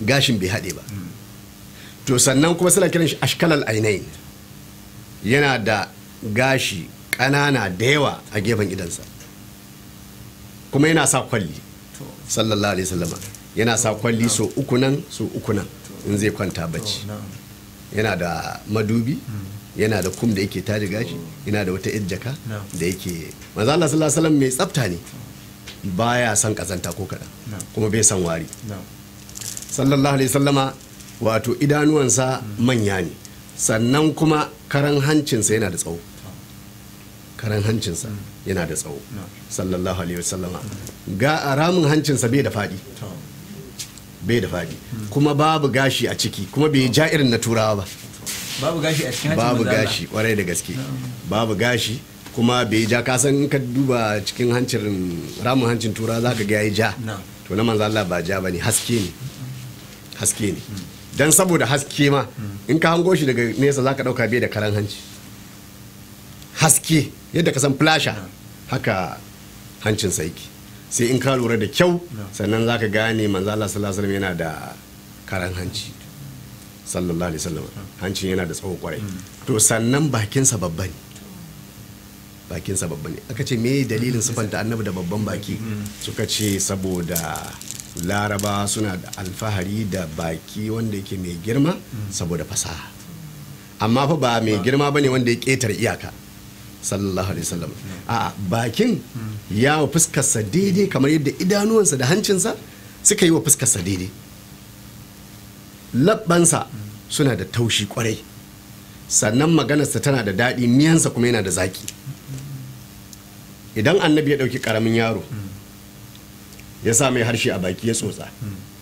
gashin bai haɗe ba hmm. to sannan kuma suna kiran shi ashkalal ainain yana da gashi ƙanana da yawa a gefen idansa kuma yana sa kwalli sallallahu alaihi wasallam yana sa kwalli so uku nan so uku nan in zai kwanta bacci yana da madubi hmm. yana da kum da yake taji gashi yana da wata jaka da yake manzo Allah sallallahu alaihi mai tsafta ne baya son kazanta ko kaɗan kuma bai son wari sallallahu alaihi sallama wato idanuwansa hmm. manya ne sannan kuma karan hancinsa yana da tsawo karan hancinsa hmm. yana da tsawo sallallahu alaihi wasallama ga ramin hancinsa bai da faɗi bai da faɗi kuma babu gashi a ciki kuma bai ja irin na turawa ba babu gashi a cikin babu gashi kwarai da gaske babu gashi kuma bai ja ka san ka duba cikin hancin ramin hancin turawa zaka ga yayi ja to na manzo Allah ba ja bane haske ne haske ne dan saboda haske ma mm. in ka hango shi daga nesa zaka dauka bai da karan hanci haske yadda ka san flasha haka hancin sa yake sai in ka lura da kyau sannan za ka gane manzo Allah sallallahu alaihi yana da karan hanci sallallahu alaihi wasallam hancin yana da tsawo kwarai mm. to sannan bakinsa babba ne bakinsa babba ne aka ce me dalilin sifanta annabi da babban baki mm. suka ce saboda laraba suna da alfahari da baki wanda yake mai girma mm. saboda fasaha amma fa ba mai girma bane wanda ya ketar iyaka sallallahu alaihi wasallam a bakin ya wa fuskarsa daidai kamar yadda idanuwansa da hancinsa suka yi wa fuskarsa daidai labbansa suna da taushi kwarai sannan maganarsa tana da daɗi miyansa kuma yana da zaki idan annabi ya ɗauki ƙaramin yaro ya sa mai harshe a baki ya tsotsa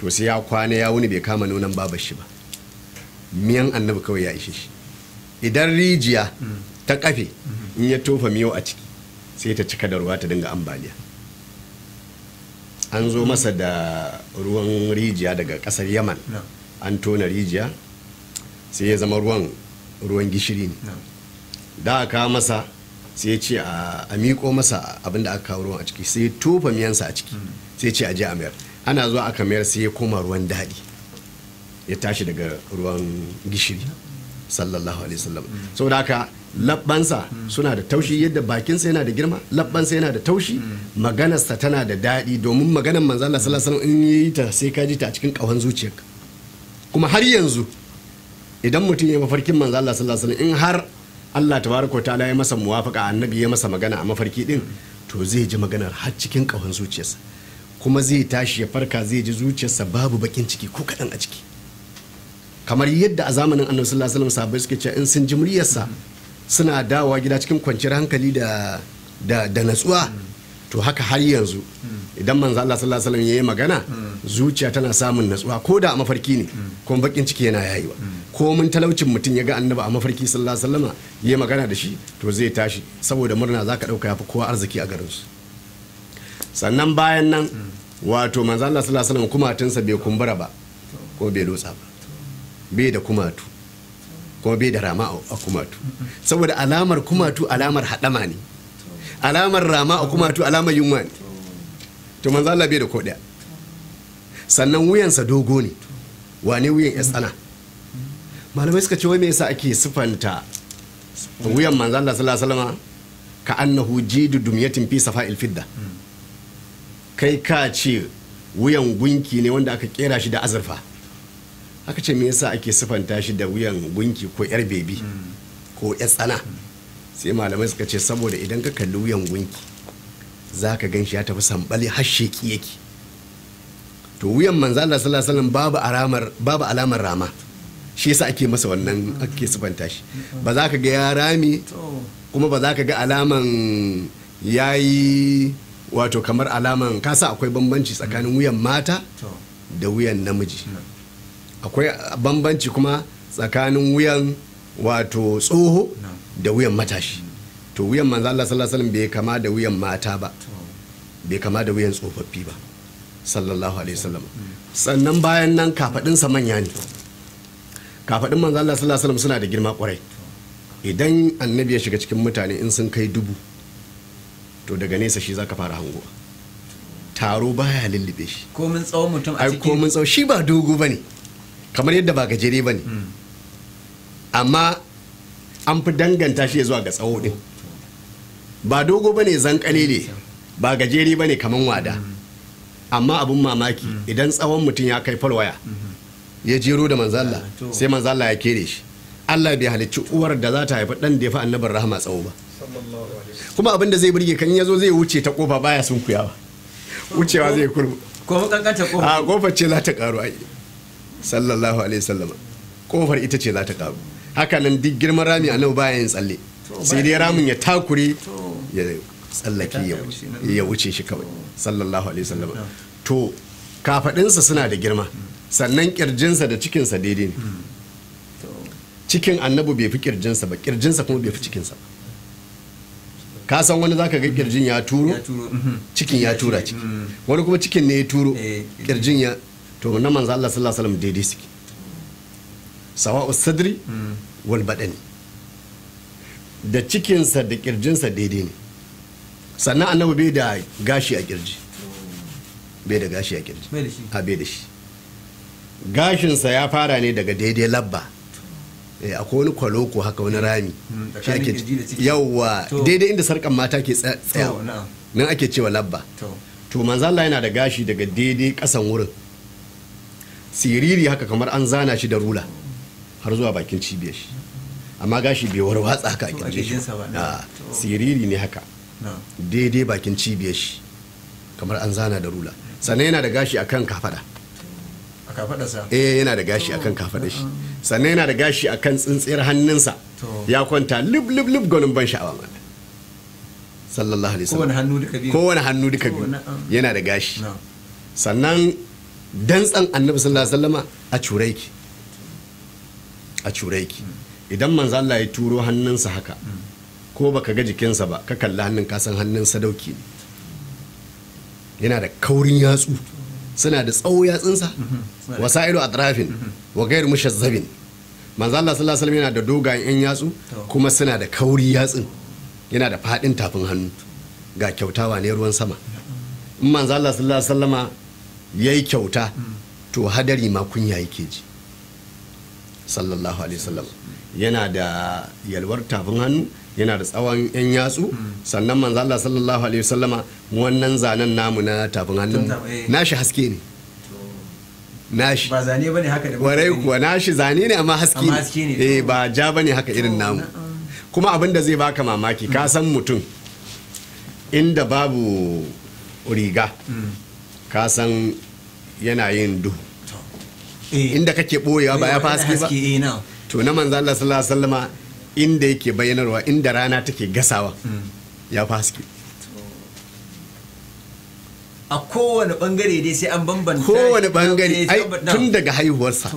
to sai ya kwana ya wuni bai kama nunan babar shi ba miyan annabi kawai ya ishe shi idan rijiya ta kafe in ya tofa miyau a ciki sai ta cika da ruwa ta dinga ambaliya an zo masa da ruwan rijiya daga kasar yaman an tona rijiya sai ya zama ruwan ruwan gishiri ne da aka masa sai ya ce a miko masa abinda aka kawo ruwan a ciki sai ya tofa miyansa a ciki hmm. sai ce a je a mayar ana zuwa aka mayar sai ya koma ruwan daɗi ya tashi daga ruwan gishiri sallallahu alaihi wasallam hmm. saboda haka labbansa suna da taushi yadda bakinsa yana da girma labbansa yana da taushi maganarsa tana da daɗi domin maganar manzo Allah sallallahu alaihi in yi ta sai ka ji ta a cikin ƙawan zuciyarka kuma har yanzu idan mutum ya mafarkin manzo Allah sallallahu alaihi in har Allah tabaraka ta'ala ya masa muwafaka annabi ya masa magana a mafarki din to zai ji maganar har cikin ƙawan zuciyarsa kuma zai tashi ya farka zai ji zuciyarsa babu bakin ciki ko kaɗan a ciki kamar yadda a zamanin annabi sallallahu alaihi wasallam sahabbai suke cewa in sun ji muryarsa suna dawowa gida cikin kwanciyar hankali da natsuwa to haka har yanzu idan manzo Allah sallallahu alaihi wasallam magana zuciya tana samun natsuwa ko da a mafarki ne ko bakin ciki yana yayiwa ko mun talaucin mutum ya ga annabi a mafarki sallallahu alaihi wasallam yayi magana da shi to zai tashi saboda murna zaka dauka yafi kowa arziki a garin su sannan bayan nan wato manzo Allah sallallahu alaihi wasallam tunsa bai kumbura ba ko bai lotsa ba bai da kumatu kuma bai da rama a kumatu saboda alamar kumatu alamar haɗama ne alamar rama a kumatu alamar yunwa ne to manzo Allah bai da ko ɗaya sannan wuyansa dogo ne wane wuyan ya tsana malamai suka ce wai me yasa ake sifanta wuyan manzo Allah sallallahu alaihi wasallam ka annahu jidu dumyatin fi safa'il fidda kai ka ce wuyan gunki ne wanda aka kera shi da azurfa aka ce me yasa ake sifanta shi da wuyan gunki ko yar bebi ko yar tsana sai malamai suka ce saboda idan ka kalli wuyan gunki za ka gan shi ya tafi sambali har sheki yake to wuyan manzo Allah sallallahu alaihi babu alamar babu alamar rama shi yasa ake masa wannan ake sifanta shi ba za ka ga ya rami kuma ba za ka ga alaman yayi wato kamar alaman kasa akwai bambanci tsakanin wuyan mata da wuyan namiji akwai bambanci kuma tsakanin wuyan wato tsoho da wuyan matashi to wuyan manzo Allah sallallahu alaihi bai kama da wuyan mata ba bai kama da wuyan tsofaffi ba sallallahu alaihi wasallam mm. sannan bayan nan kafadin sa manya ne kafadin manzo Allah sallallahu alaihi wasallam suna da girma kwarai idan annabi ya shiga cikin mutane in sun kai dubu to daga nesa shi zaka fara hango taro baya lullube shi komin tsawon mutum a cikin komin tsawon shi ba dogo bane kamar yadda ba gajere ba ne amma an fi danganta shi zuwa ga tsawo din ba dogo ba ne zankane ne ba gajere ba ne kamar wada amma abin mamaki idan tsawon mutum ya kai farwaya ya jero da manzalla sai manzalla ya kere shi allah bai halicci uwar da za ta haifi dan da ya fi annabar rahama tsawo ba kuma abin da zai burge kan yazo zai wuce ta kofa baya sunkuyawa wucewa zai kurbu ko kankanta kofa a kofa ce za ta karu ai sallallahu alaihi wasallam kofar ita ce za ta karu haka nan duk girman rami nan baya yin tsalle sai dai ramin ya takure ya tsallaki ya wuce shi kawai sallallahu alaihi wasallam to kafadinsa suna da girma sannan kirjinsa da cikinsa daidai ne cikin annabi bai fi kirjinsa ba kirjinsa kuma bai fi cikinsa ba ka san wani zaka ga kirjin ya turo mhm. cikin ya tura ciki mhm. wani kuma cikin ne ya turo kirjin eh, ya to na manzo Allah sallallahu alaihi wasallam daidai suke sawa'u sadri wal badani da cikinsa da kirjinsa daidai ne sannan annabi bai da gashi a kirji bai da gashi a kirji a bai da shi gashinsa ya fara ne daga daidai labba eh, akwai wani kwaloko haka wani rami hmm, yauwa yawwa daidai inda sarkan mata ke tsaya nan ake cewa labba to manzo Allah yana da gashi daga daidai kasan wurin siriri haka kamar an zana shi da rula har zuwa bakin cibiyar shi amma gashi bai watsa haka a kirje shi ah, siriri ne haka daidai bakin cibiyar shi kamar an zana da rula sannan yana da gashi akan kafada eh yana da gashi akan kafada shi sannan yana da gashi akan tsintsiyar hannunsa ya kwanta lub lub lub gwanin ban sha'awa mana sallallahu alaihi wasallam kowane hannu duka biyu ah. yana da gashi sannan dantsan annabi sallallahu alaihi wasallama a curaiki a curaiki idan manzo Allah ya turo hannunsa haka ko baka ga jikinsa ba ka kalli hannun ka san hannun sadauki yana da kaurin yatsu suna da tsawo yatsunsa mhm, wasailu atrafin mhm. wa ghairu mushazzabin manzo Allah sallallahu alaihi yana da dogayen yan yatsu kuma suna da kauri yatsun yana da fadin tafin hannu ga kyautawa ne ruwan sama mhm. in manzo Allah sallallahu alaihi ya yi kyauta to hadari ma kunya yake ji sallallahu alaihi wasallam yana da yalwar tafin hannu yana da tsawon yan yatsu sannan manzo Allah sallallahu alaihi wasallam wannan zanen namu na tafin hannu eh. nashi haske ne nashi ba zane bane haka da warai kuwa nashi zane ne amma haske ne eh ba ja bane haka irin namu kuma abin da zai baka mamaki ka san mutum inda babu riga mm. ka san yana yin duhu eh. inda kake boyewa ba ya fi haske ba eh, to na manzo Allah sallallahu alaihi wasallama inda yake bayyanarwa inda rana take gasawa hmm. ya fi haske a kowane bangare dai sai an bambanta kowane bangare eh, ai tun daga haihuwarsa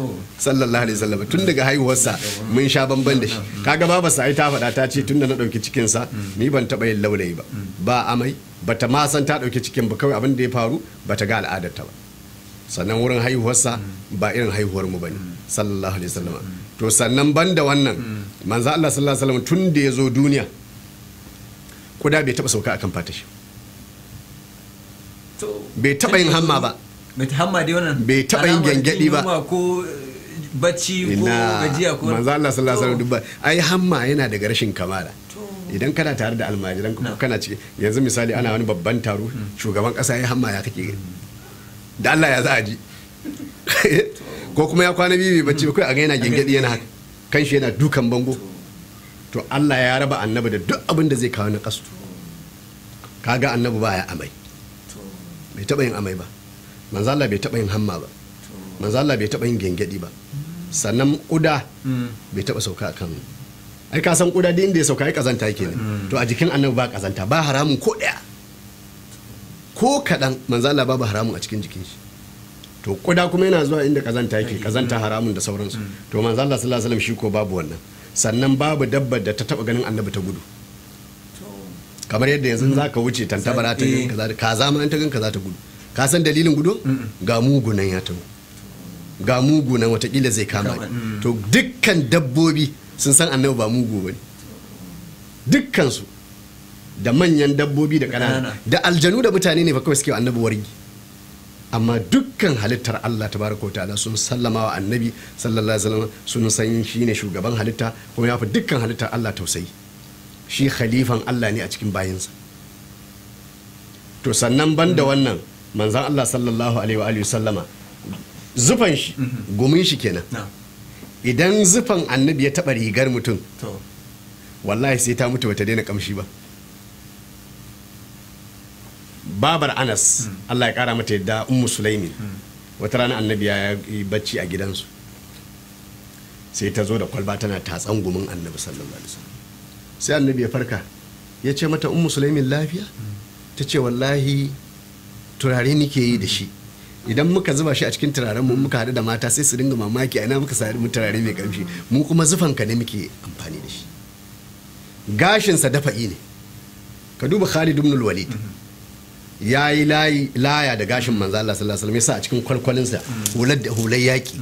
sallallahu alaihi wasallam tun daga haihuwarsa mun sha bamban da shi hmm. kaga baba sai ta faɗa ta ce tun da na dauki cikin sa hmm. ni ban taba yin laulayi ba ba amai bata ma san ta dauki cikin ba kawai abin da ya faru bata ga al'adar ta ba sannan wurin haihuwarsa ba irin haihuwar mu bane sallallahu alaihi wasallam to sannan banda wannan manzo Allah sallallahu alaihi wasallam tun da ya zo duniya kuda bai taba sauka akan fatashi bai taba yin hamma ba bai hamma dai wannan bai taba yin gengedi ba ko eh, bacci ko gajiya ko manzo Allah sallallahu alaihi wasallam ai hamma yana daga rashin kamala idan kana tare da almajiran kuma kana ciki yanzu misali ana wani babban taro hmm. shugaban kasa ya hamma ya kake hmm. da Allah ya za a ji ko kuma ya kwana biyu bacci ba kai a ga yana gengedi yana haka kan shi yana dukan bango to Allah ya raba annabi da duk abin da zai kawo na kasu kaga annabi ba ya amai bai taba yin amai ba manzo Allah bai taba yin hamma ba manzo Allah bai taba yin gengedi ba sannan kuda bai taba sauka akan ai ka san kuda din da ya sauka ai kazanta ne to a jikin annabi ba kazanta ba haramun ko daya ko kaɗan manzala babu haramun a cikin jikin shi to kuda kuma yana zuwa inda kazanta yake kazanta haramun da sauransu mm. to manzala sallallahu alaihi shi ko babu wannan sannan babu dabbar da ta taba ganin annabi ta gudu kamar yadda yanzu mm. za ka wuce tantabara ta gan eh. kaza zama an ta ganka kaza ta gudu ka san dalilin gudu ga mugunan ya tabo ga mugunan watakila zai kama mm. to dukkan dabbobi sun san annabi ba mugu bane dukkan su da manyan dabbobi da kanana da aljanu da mutane ne fa kawai suke annabi wargi amma dukkan halittar Allah tabaraka ta'ala sun sallama wa annabi sallallahu alaihi wasallam sun san shi ne shugaban halitta kuma ya fi dukkan halittar Allah tausayi shi khalifan Allah ne a cikin bayinsa to sannan banda mm-hmm. wannan manzan Allah sallallahu alaihi wa sallama zufan shi mm-hmm. gumin shi kenan idan zufan annabi ya taba rigar mutum wallahi sai ta mutu bata daina kamshi ba babar anas allah ya kara mata yadda ummu sulaimin wata rana annabi ya yi bacci a gidansu sai ta zo da kwalba tana tatsan gumin annabi sallallahu alaihi sai annabi ya farka ya ce mata ummu sulaimin lafiya ta ce wallahi turare nike yi da shi idan muka zuba shi a cikin turaren mu muka haɗu da mata sai su dinga mamaki a ina muka sadu mu turare mai karfi mu kuma zufan ka ne muke amfani da shi gashinsa dafa'i ne ka duba khalid ibn walid ya yi laya da gashin manzo Allah sallallahu alaihi wasallam yasa a cikin kwalkwalinsa hular da hular yaki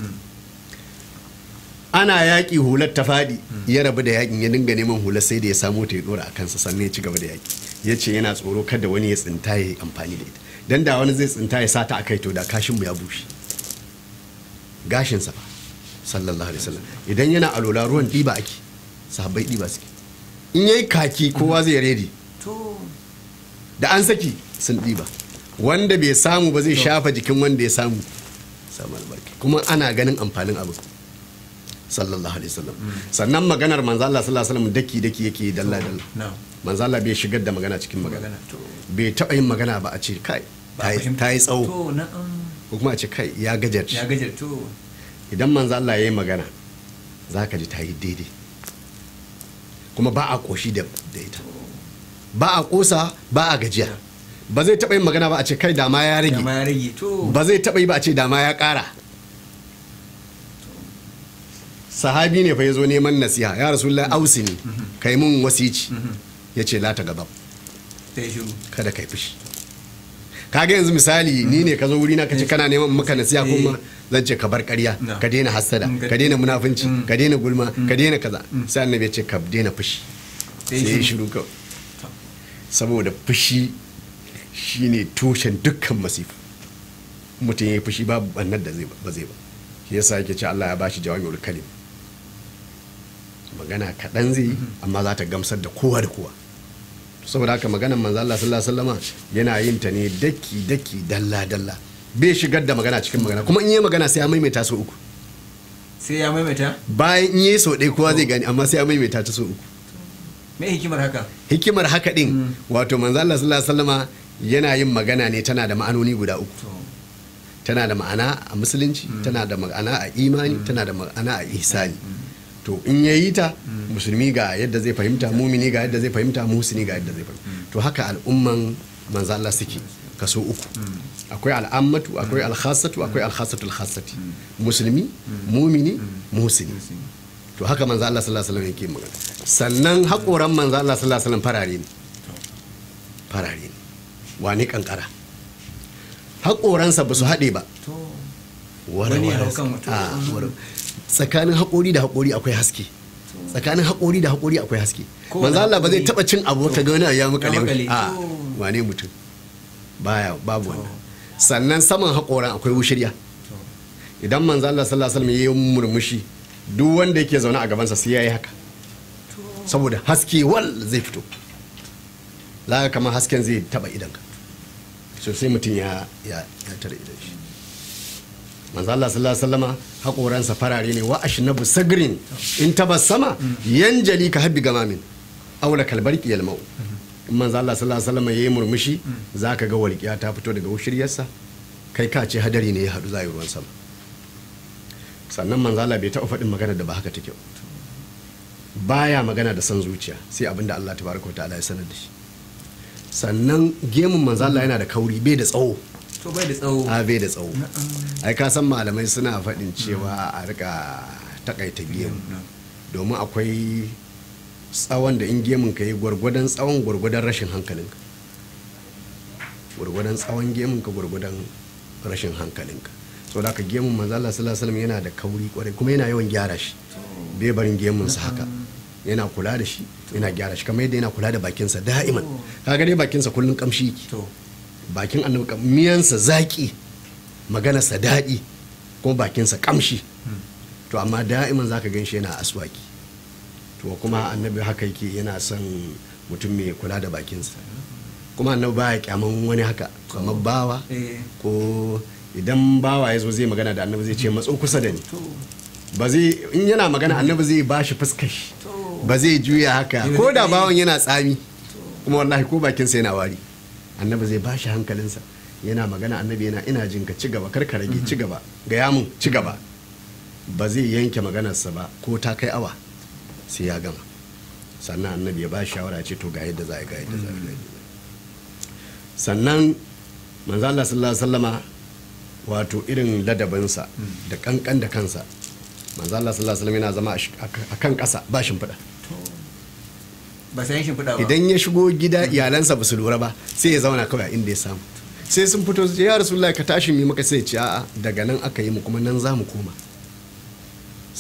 ana yaki hular ta fadi ya rabu da yakin ya dinga neman hular sai da ya samu ta ya dora a kansa sannan ya ci gaba da yaki yace yana tsoro kada wani ya tsinta ya yi amfani da ita dan da wani zai tsinta ya sata akai to da kashin mu ya bushe gashinsa ba sallallahu alaihi wasallam idan yana alola ruwan diba ake sahabbai diba suke in yayi kaki kowa zai rede to da an saki sun ɗiba wanda bai samu ba zai shafa jikin wanda ya samu albarki kuma ana ganin amfanin abu sallallahu alaihi wasallam mm. sannan maganar manzo Allah sallallahu alaihi wasallam daki daki yake dalla dalla manzo Allah bai shigar da magana cikin magana bai taba yin magana ba a ce kai ta yi tsawo ko kuma a ce kai ya gajar ya gajar to idan manzo Allah yayi magana zaka ji ta yi daidai kuma ba a koshi da ita ba a kosa ba a gajiya ba zai taɓa yin magana ba a ce kai dama ya rage ba zai taɓa yi ba a ce dama ya ƙara sahabi ne fa ya zo neman nasiha ya rasulullah ausi ne kai mun wasici ya ce lata gaba kada kai fushi ga yanzu misali ni ne ka zo wurina ka ce kana neman maka nasiha kuma eh. zan ce ka bar ƙarya ka daina hassada mm, ka daina munafunci mm. ka daina gulma mm. ka daina kaza sai annabi ya ce ka daina fushi sai ya shiru kawai saboda fushi shine tushen dukkan masifa mutum ya yi fushi babu bannar da zai ba zai ba shi sa yake ce Allah ya bashi jawami kalim magana kaɗan zai yi amma za ta gamsar da kowa da kowa saboda haka maganar manzo Allah sallallahu alaihi wasallama yana yin ta ne daki daki dalla dalla bai shigar da magana cikin magana kuma in yi magana sai ya maimaita sau uku sai ya maimaita bayan in yi sau ɗaya kowa zai gani amma sai ya maimaita ta sau uku me hikimar haka hikimar haka din mm. wato manzo Allah sallallahu alaihi wasallama yana yin magana ne tana da ma'anoni guda uku tana da ma'ana a musulunci mm. tana da ma'ana a imani mm. tana da ma'ana a isani mm. to in ya yi ta musulmi ga yadda zai fahimta mumini ga yadda zai fahimta musulmi ga yadda zai fahimta to haka al'umman manzo Allah suke kaso uku akwai al'ammatu akwai alhassatu akwai alhassatu alhassati musulmi mumini musulmi to haka manzo Allah sallallahu alaihi wasallam yake magana sannan haƙoran manzo Allah sallallahu alaihi wasallam farare ne farare ne wani kankara haƙoransa ba su haɗe ba ah, tsakanin haƙori da haƙori akwai haske tsakanin haƙori da haƙori akwai haske manzo Allah ba zai taɓa cin abu ka ga wani ya maka ne a ah, wane mutum baya babu wannan sannan saman haƙoran akwai wushirya idan manzala Allah sallallahu alaihi wasallam yi murmushi duk wanda yake zaune a gabansa sai ya yi haka saboda haske wal zai fito za ka kamar hasken zai taɓa idanka sosai mutum ya tare da shi manzo Allah sallallahu alaihi wasallama sa farare ne wa ashnabu sagrin in tabassama yanjali ka habbi gamamin awla kalbarki qiyal mau in manzo Allah sallallahu alaihi wasallama yayi murmushi zaka ga walƙiya ta fito daga ushiryarsa kai ka ce hadari ne ya hadu zai ruwan sama sannan manzo Allah bai taɓa faɗin magana da ba haka take baya magana da san zuciya sai abinda Allah tabaraka wa ta'ala ya sanar da shi sannan gemun manzo Allah yana da kauri bai da tsawo to bai da tsawo a ah, bai da tsawo ai ka san malamai suna faɗin cewa a rika takaita gemu domin akwai tsawon da in gemun ka yi gwargwadon tsawon gwargwadon rashin hankalinka gwargwadon tsawon gemun ka gwargwadon rashin hankalin ka so da ka gemun manzo Allah sallallahu alaihi wasallam yana da kauri kwarai kuma yana yawan gyara shi bai barin gemun sa haka yana kula da shi yana gyara shi kamar yadda yana kula da bakinsa da'iman ka gane bakinsa kullum kamshi yake bakin annabi miyansa zaki sa daɗi ko bakinsa kamshi to amma da'iman zaka gan shi yana aswaki to kuma annabi haka yake yana son mutum mai kula da bakinsa kuma annabi baya kyaman wani haka kamar bawa eh. ko idan bawa ya zo zai magana da annabi zai ce matso kusa da ni ba zai in yana magana annabi zai ba shi fuskar shi ba zai juya haka ko da bawon yana tsami kuma wallahi ko bakin sa yana wari annabi zai bashi hankalinsa yana magana annabi yana ina jin ka ci gaba kar ka rage ci gaba ga yamun ci gaba ba zai yanke maganarsa ba ko ta kai awa sai ya gama sannan annabi ya ba shawara ce to ga yadda za a ga yadda za a sannan manzo Allah sallallahu alaihi wasallama wato irin ladabinsa da kankan da kansa manzo Allah sallallahu alaihi wasallam yana zama a kan kasa ba shimfiɗa ba sai shin fida ba idan ya shigo gida iyalansa ba su lura ba sai ya zauna kawai inda ya samu sai sun fito su ya rasulullahi ka tashi mu maka sai ci a'a daga nan aka yi mu kuma nan za mu koma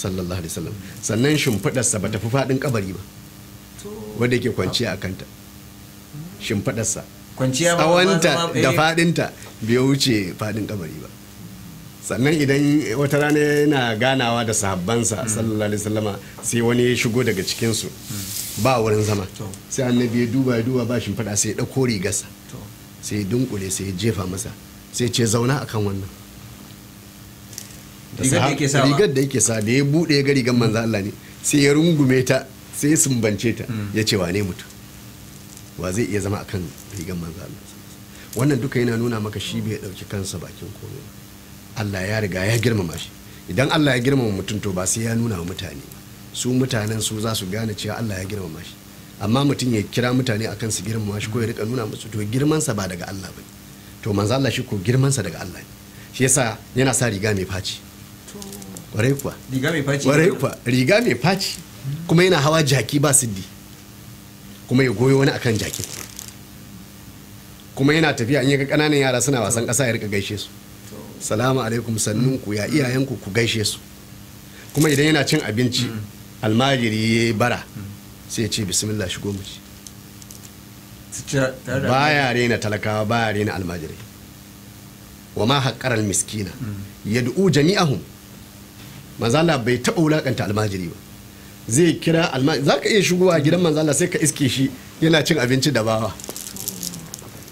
sallallahu alaihi wasallam sannan shimfidarsa ba ta fi fadin kabari ba wanda yake kwanciya a kanta shimfidarsa tsawonta da eh. faɗinta bai wuce fadin kabari ba sannan idan wata rana yana ganawa da sahabbansa hmm. sallallahu alaihi wasallama sai wani ya shigo daga cikinsu hmm. ba wurin zama sai annabi ya duba ya duba ba fada sai ya ɗauko rigarsa sai ya dunkule sai ya jefa masa sai ce zauna akan wannan rigar da yake sa da ya buɗe ga rigar manzo Allah ne sai ya rungume ta sai ya sumbance ta hmm. ya ce wane mutum wa zai iya zama akan rigar manzo Allah wannan duka yana nuna maka shi bai ɗauki kansa bakin komai Allah ya riga ya girmama shi idan Allah ya girmama mutum to ba sai ya nuna wa mutane su mutanen su za su gane cewa Allah ya girmama shi amma mutum ya kira mutane akan su girmama shi ko ya rika nuna musu to girmansa ba daga Allah ba to manzo Allah shi ko girmansa daga Allah ne shi yasa yana sa riga mai faci kwarai kuwa riga mai faci kwarai kuwa riga mai faci kuma yana hawa jaki ba siddi kuma ya goyo wani akan jaki kuma yana tafiya in ga kananan yara suna wasan kasa ya rika gaishe su salamu alaikum sannunku ya iyayenku ku gaishe su kuma idan yana cin abinci mm. almajiri ya bara sai ce bismillah shigo mu ci baya rena talakawa baya rena almajiri wa ma almiskina ya yad'u jami'ahun manzala bai taɓa wulaƙanta almajiri ba zai kira almajiri za ka iya shigo a gidan manzala sai ka iske shi yana cin abinci da bawa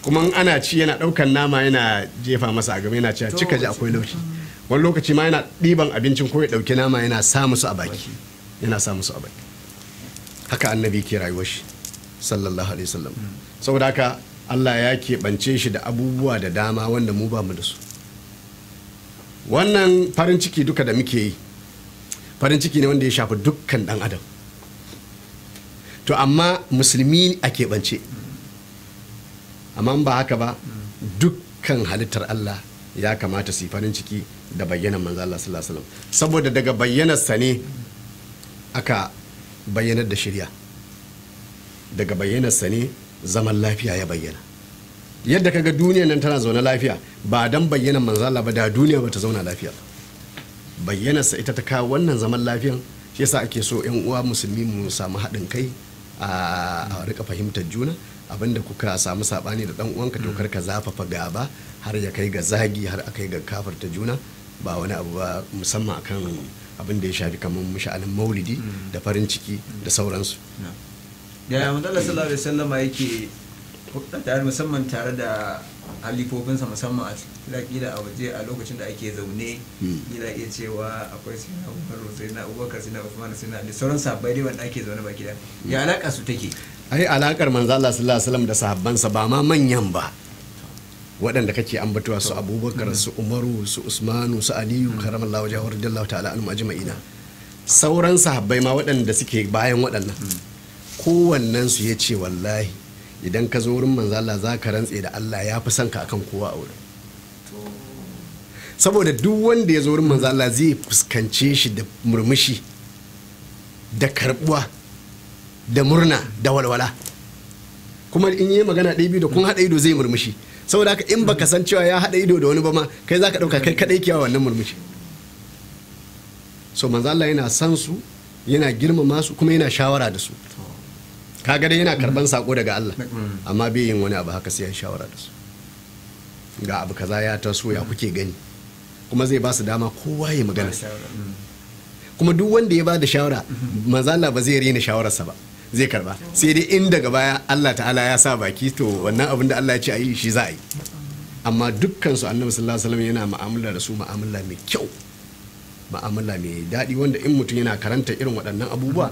kuma ana ci yana ɗaukan nama yana jefa masa a gaba yana ci cika ji akwai laushi wani lokaci ma yana ɗiban abincin ko ya ɗauki nama yana sa musu a baki yana sa musu abai haka annabi ke rayuwar shi sallallahu alaihi wasallam saboda haka Allah ya keɓance shi da abubuwa da dama wanda mu ba mu da su wannan farin ciki duka da muke yi farin ciki ne wanda ya shafi dukkan dan adam to amma musulmi a keɓance amma ba haka ba dukkan halittar Allah ya kamata su yi farin ciki da bayyanan manzo Allah sallallahu alaihi wasallam saboda daga bayyanarsa ne aka bayyanar da shirya daga bayyanarsa ne zaman lafiya ya bayyana yadda kaga duniyar nan tana zaune lafiya ba don bayyanar manzala ba da duniya ba ta zauna lafiya bayyanarsa ita ta kawo wannan zaman lafiyan shi yasa ake so yan uwa musulmi mu samu haɗin kai a rika fahimtar juna abinda kuka samu saɓani da dan uwanka to ka zafafa gaba har ya kai ga zagi har akai ga kafarta juna ba wani abu ba musamman akan abin da ya shafi kamar sha'anin maulidi hmm. da farin ciki da sauransu yaya ya sallallahu alaihi sallama yake tare musamman tare da halifofinsa musamman a kila a waje a lokacin da ake zaune hmm. kila iya cewa akwai sai na umaru sai na abubakar sai na usman sai na sauran sabbai dai wanda ake zaune baki da ya alaka su take ai alakar manzo Allah sallallahu alaihi wasallam da sa ba ma manyan ba waɗanda kake ambatuwa su abubakar mm. su umaru su usmanu su aliyu wajen jawar jallahu ta'ala almu ajma'ina sauran sahabbai ma waɗanda suke bayan waɗannan mm. kowannen su ya ce wallahi idan ka zo wurin manzala za ka rantse da Allah ya fi son ka akan kowa a wurin saboda duk wanda ya zo wurin manzala zai fuskance shi da murmushi da karbuwa da murna da walwala kuma in yi magana ɗaya biyu da kun haɗa ido zai murmushi saboda haka in baka san cewa ya haɗa ido da wani ba ma kai zaka ɗauka kai kaɗai kiyawa wannan murmushi so manzo Allah yana san su yana girmama su kuma yana shawara da su kaga dai yana karban sako daga Allah amma bai yin wani abu haka sai ya shawara da su ga abu kaza ya taso ya kuke gani kuma zai ba su dama kowa ya magana mm. kuma duk wanda ya ba da shawara manzo Allah ba zai rena shawararsa ba zai karba sai dai in daga baya Allah ta'ala ya sa baki to wannan abin da Allah ya ce a yi shi za a yi amma dukkan su annabi sallallahu alaihi wasallam yana mu'amala da su mu'amala mai kyau mu'amala mai daɗi wanda in mutum yana karanta irin waɗannan abubuwa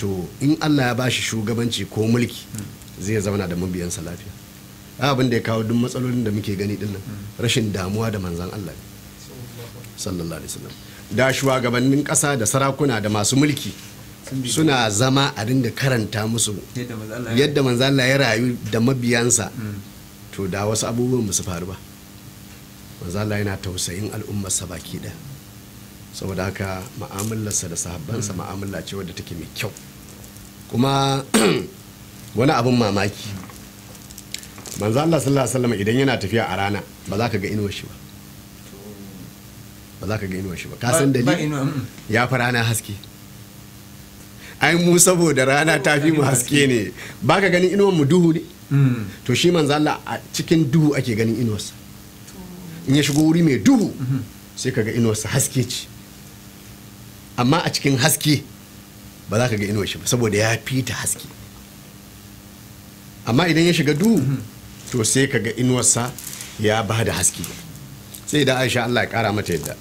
to in Allah ya ba shi shugabanci ko mulki zai zauna da sa lafiya abin da ya kawo duk matsalolin da muke gani dinnan rashin damuwa da manzan Allah sallallahu alaihi wasallam da shugabannin ƙasa da sarakuna da masu mulki suna zama a dinga karanta musu yadda manzala ya rayu da mabiyansa hmm. to da wasu abubuwan musu faru ba manzala yana tausayin al'ummarsa baki da saboda haka ma'amalarsa da sahabbansa hmm. ma'amulla ce wadda take mai kyau kuma (clears throat) wani abin mamaki manzala sallallahu alaihi wasallam idan yana tafiya a rana ba za ka ga inuwar shi ba ba za ka ga inuwar shi ba ka san dalili hmm. ya fara rana haske ai mu saboda rana ta fi mu haske ne baka ganin inuwar mu duhu ne hmm. to shi manzo Allah a cikin duhu ake ganin inuwarsa in ya shigo wuri mai duhu hmm. sai ka kaga inuwarsa haske ce amma a cikin haske ba za ka ga inuwar shi ba saboda ya fi ta haske amma idan ya shiga duhu hmm. to sai ka ga inuwarsa ya ba da haske sai da Aisha Allah ya kara mata yadda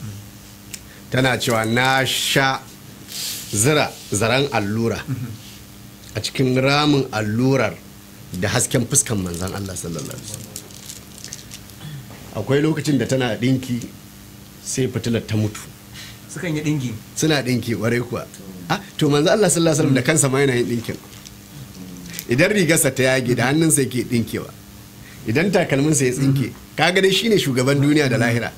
tana cewa na sha zira zaren allura a cikin ramin allurar da hasken fuskan manzan Allah sallallahu alaihi akwai lokacin da tana dinki sai fitilar ta mutu sukan yi dinki suna dinki warai kuwa ah to manzan Allah sallallahu alaihi da kansa ma yana yin dinkin idan rigarsa ta yage da hannunsa yake dinkewa idan takalminsa ya tsinke kaga dai shine shugaban duniya da lahira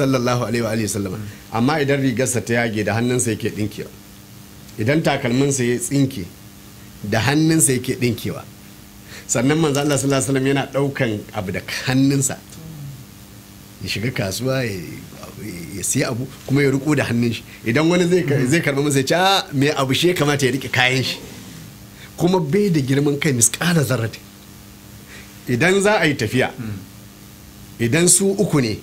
sallallahu alaihi wa sallama amma idan rigarsa ta yage da hannunsa yake dinkewa idan takalminsa ya tsinke da hannunsa yake ɗinkewa sannan manzo Allah sallallahu alaihi wasallam yana ɗaukan abu da hannunsa ya shiga kasuwa ya siya abu kuma ya riko da hannun shi idan wani zai karba masa ya ah, me abu shi kamata ya rike kayan shi kuma bai da girman kai zarra zarrati idan za a yi tafiya idan su uku ne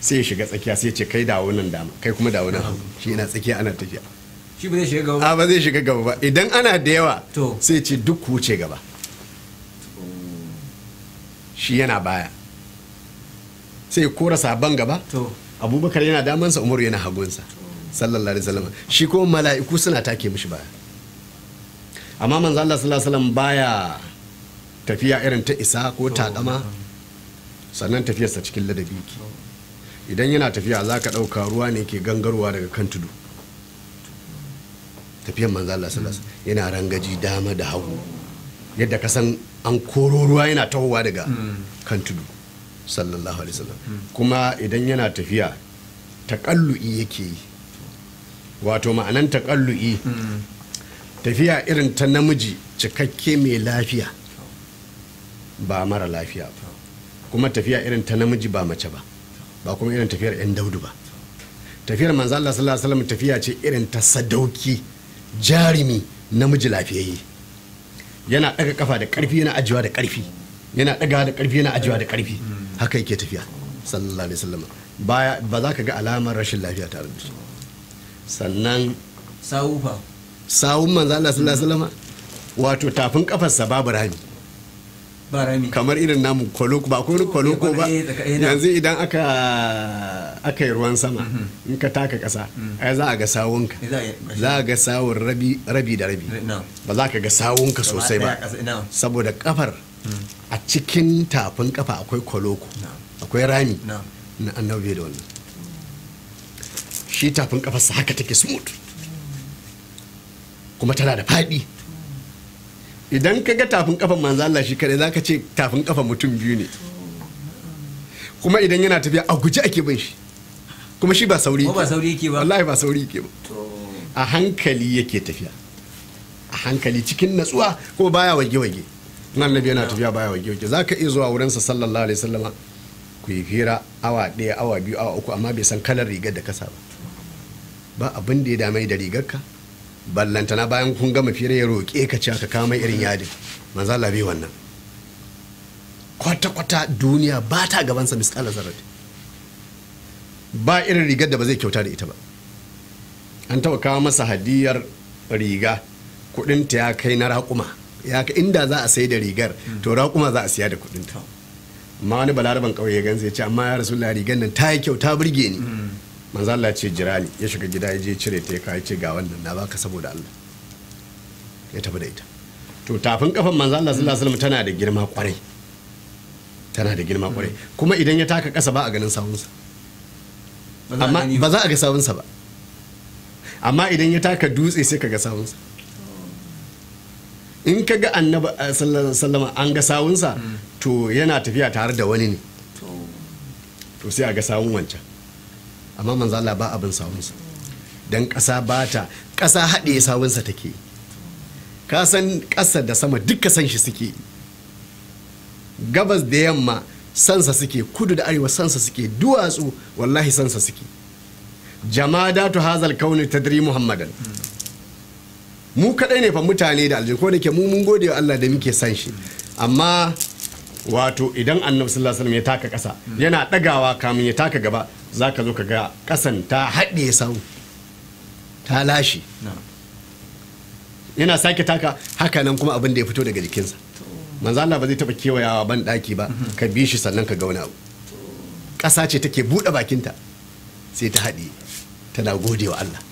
sai ya shiga tsakiya sai ya ce kai dawo nan dama kai kuma dawo nan shi yana tsakiya ana tafiya shi ba zai shiga gaba ba ba zai shiga gaba ba idan ana da yawa sai ce duk wuce gaba shi yana baya sai kora sabon gaba abubakar yana damansa umaru yana hagunsa sallallahu alaihi wasallam shi kuma mala'iku suna take mishi baya amma manzo Allah sallallahu alaihi wasallam baya tafiya irin ta isa ko taɗama sannan tafiyarsa cikin ladabi idan yana tafiya za ka ɗauka ruwa ne ke gangarwa daga kan tudu tafiyan manzo Allah sallallahu alaihi yana rangaji dama da hagu yadda ka san an koro ruwa yana tahowa daga kan tudu sallallahu alaihi wasallam kuma idan yana tafiya takallu'i yake yi wato ma'anan takallu'i tafiya irin ta namiji cikakke mai lafiya ba mara lafiya ba kuma tafiya irin ta namiji ba mace ba ba kuma irin tafiyar 'yan daudu ba tafiyar manzo Allah sallallahu alaihi wasallam tafiya ce irin ta sadauki jarumi namiji lafiyayye yana ɗaga kafa da ƙarfi yana ajiyewa da ƙarfi yana ɗaga da ƙarfi yana ajiyewa da ƙarfi haka yake tafiya sallallahu alaihi wasallam baya ba za ka ga alamar rashin lafiya tare da shi sannan sawu sawun manzo Allah sallallahu alaihi wasallam wato tafin kafarsa babu rami kamar irin namu kwaloko ba akwai kwaloko ba eh, yanzu idan aka aka yi ruwan sama mhm. in ka taka kasa mhm. ai za a ga sawunka za a ga sawun rabi rabi da rabi ba za ka ga sawunka sosai ba saboda kafar mhm. a cikin tafin kafa akwai kwaloko akwai rami na annabi da wannan shi tafin kafarsa haka take smooth kuma tana da faɗi idan ka ga tafin kafan manzo Allah shi kadai zaka ce tafin kafa mutum biyu ne kuma idan yana tafiya a guje ake bin shi kuma shi ba sauri ba sauri yake ba wallahi ba sauri yake ba a hankali yake tafiya a hankali cikin natsuwa kuma baya wage wage nan nabi yana tafiya baya wage wage zaka iya zuwa wurin sa sallallahu alaihi wasallama ku yi hira awa ɗaya awa biyu awa uku amma bai san kalar rigar da kasa ba ba abin da ya dame da rigar ka ballantana bayan kun gama fira ya roƙe ka cewa ka kama irin yadin manzo Allah bai wannan kwata-kwata duniya ba ta gabansa misƙala zarar ba irin rigar da ba zai kyauta da ita ba an taba kawo masa hadiyar riga kudin ta ya kai na raƙuma ya ka inda za a sai da rigar to raƙuma za a siya da kudin ta amma wani balaraban ƙauye gan zai ce amma ya rasu rigar nan ta yi kyauta burge ni hmm. manzo Allah ce jirali ya shiga gida ya je cire ta ya ce ga wannan na baka saboda Allah ya tafi da ita to tafin kafan manzo Allah sallallahu alaihi wasallam tana da girma kwarai tana da girma kwarai kuma idan ya taka kasa ba a ganin sawunsa amma ba za a ga sawunsa ba amma idan ya taka dutse sai ka ga sawunsa in ka ga annabi eh, sallallahu an ga sawunsa hmm. to yana tafiya tare da wani ne to sai a ga sawun wancan amma manzo Allah ba abin sawunsa dan ƙasa ba ta ƙasa haɗe sawunsa take ka san ƙasa da sama duka san shi suke gabas da yamma sansa suke kudu da arewa sansa suke duwatsu wallahi sansa suke to hazal kauni tadri muhammadan mu kadai ne fa mutane da aljin ko da ke mu mun gode wa Allah da muke san shi amma wato idan annabi sallallahu alaihi wasallam ya taka kasa yana dagawa kamun ya taka gaba za ka zo ka ga kasan ta haɗe sau ta lashe yana sake taka haka nan kuma abin da ya fito daga jikinsa manzala ba zai taba kewayawa ban ɗaki ba mhm. ka bi shi sannan ka ga wani abu ƙasa ce take buɗe bakinta sai ta haɗe tana gode wa Allah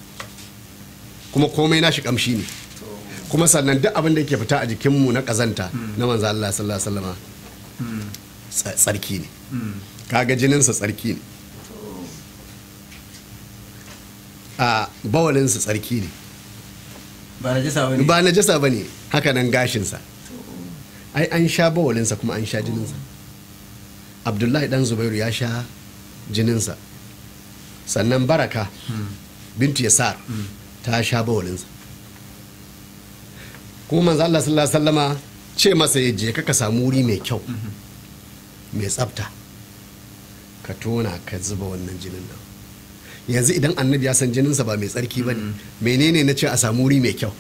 kuma komai nashi ƙamshi ne kuma sannan duk abin da yake fita a jikinmu na kazanta hmm. na manzo Allah sallallahu alaihi wasallama hmm. tsarki ne hmm. kaga jininsa tsarki ne a bawalinsa tsarki ne ba na jasa ba ne haka nan gashinsa ai an sha bawalinsa kuma an sha jininsa abdullahi dan zubairu ya sha jininsa sannan baraka bintu yasar ta sha bawalinsa kuma manzo Allah sallallahu alaihi wasallama ce masa ya je ka samu wuri mai kyau mai tsafta ka tona ka zuba wannan jinin nan yanzu idan annabi ya san jininsa ba mai tsarki ba ne menene na ce a samu wuri mai kyau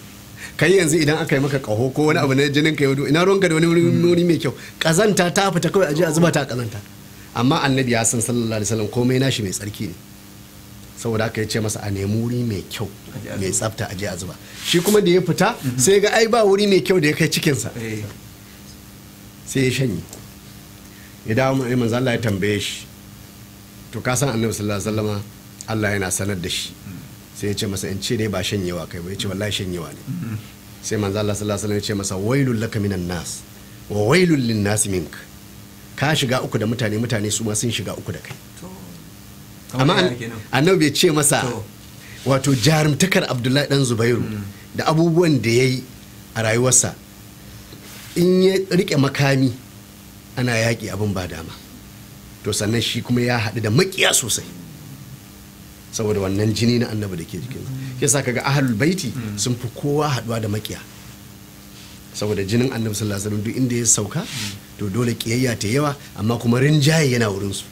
kai yanzu idan aka yi maka kaho ko wani abu na jinin ka yau ina ronka da wani wuri mm. mai kyau kazanta ta fita kawai aje a zuba ta kazanta amma annabi ya san sallallahu alaihi wasallam komai nashi mai tsarki ne saboda aka ce masa a nemi wuri mai kyau mai tsafta aje a zuba shi kuma da ya fita mm-hmm. sai ga ai ba wuri mai kyau da ya kai cikinsa eh. sai ya shanye ya dawo manzo Allah ya tambaye shi to ka san annabi sallallahu alaihi wasallama Allah yana sanar da shi sai ya ce masa in ce ne ba shanyewa kai ba ya ce wallahi shanyewa ne sai manzo Allah sallallahu alaihi wasallam ya ce masa wailul laka minan nas wa wailul lin nas mink ka shiga uku da mutane mutane su ma sun shiga uku da kai amma annabi bai ce masa wato jarumtakar Abdullahi dan Zubairu mm. da abubuwan da yayi a rayuwarsa in ya rike makami ana yaƙi abin ba dama to sannan shi kuma ya haɗu da makiya sosai saboda wannan jini na annabi da ke jikin yasa kaga ahlul baiti sun fi kowa haduwa da makiya saboda jinin annabi sallallahu alaihi wasallam duk inda ya sauka to dole kiyayya ta yawa amma kuma rinjaye yana wurin su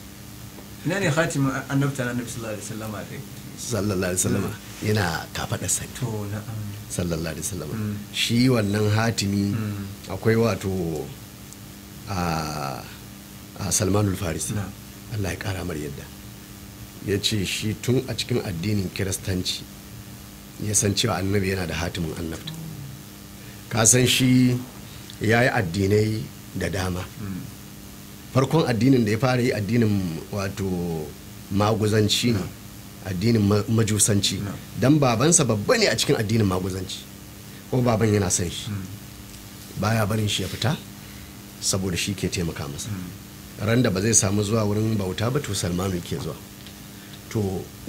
ina ne khatimin annabi ta annabi sallallahu alaihi wasallam sallallahu alaihi wasallam hmm. yana kafadar sa to na'am sallallahu alaihi wasallam hmm. shi wannan hatimi hmm. akwai wato a ah, ah, salmanul farisi Allah ya kara mar yadda ya ce shi tun a cikin addinin kiristanci ya san cewa annabi yana da hatimin annabta ka san shi ya yi addinai da dama farkon addinin da ya fara yi addinin wato maguzanci ne addinin majusanci don babansa babba ne a cikin addinin maguzanci ko baban yana san shi baya barin shi ya fita saboda shi ke taimaka masa ran da ba zai samu zuwa wurin bauta ba to salmanu ke zuwa to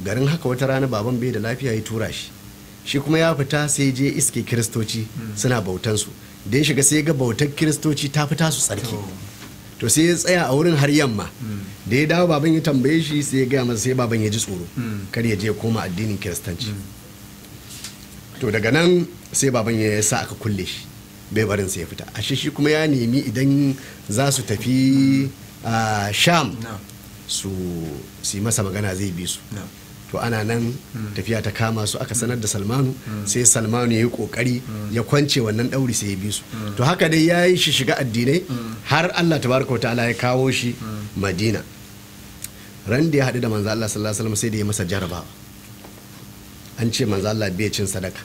garin haka wata rana baban bai da lafiya ya tura shi shi kuma ya fita sai je iske kiristoci hmm. suna bautan su da ya shiga sai ga bautar kiristoci ta fita su tsarki to sai ya tsaya a wurin har yamma hmm. da ya dawo baban ya tambaye shi sai ya gaya masa sai baban ya ji tsoro hmm. kar ya je ya koma addinin kiristanci to daga nan sai baban ya sa aka kulle shi bai barin sai ya fita ashe shi kuma ya nemi idan za su tafi sham su yi masa magana zai bi su to ana nan hmm. tafiya ta kama su aka sanar da salmanu hmm. sai salmanu ya yi kokari hmm. ya kwance wannan dauri sai ya bi su to haka dai ya yi shi shiga addinai har allah tabaraka wa ta'ala ya kawo shi madina ran da ya haɗu da manzo allah sallallahu alaihi sai da ya masa jarabawa an ce manzo allah bai cin sadaka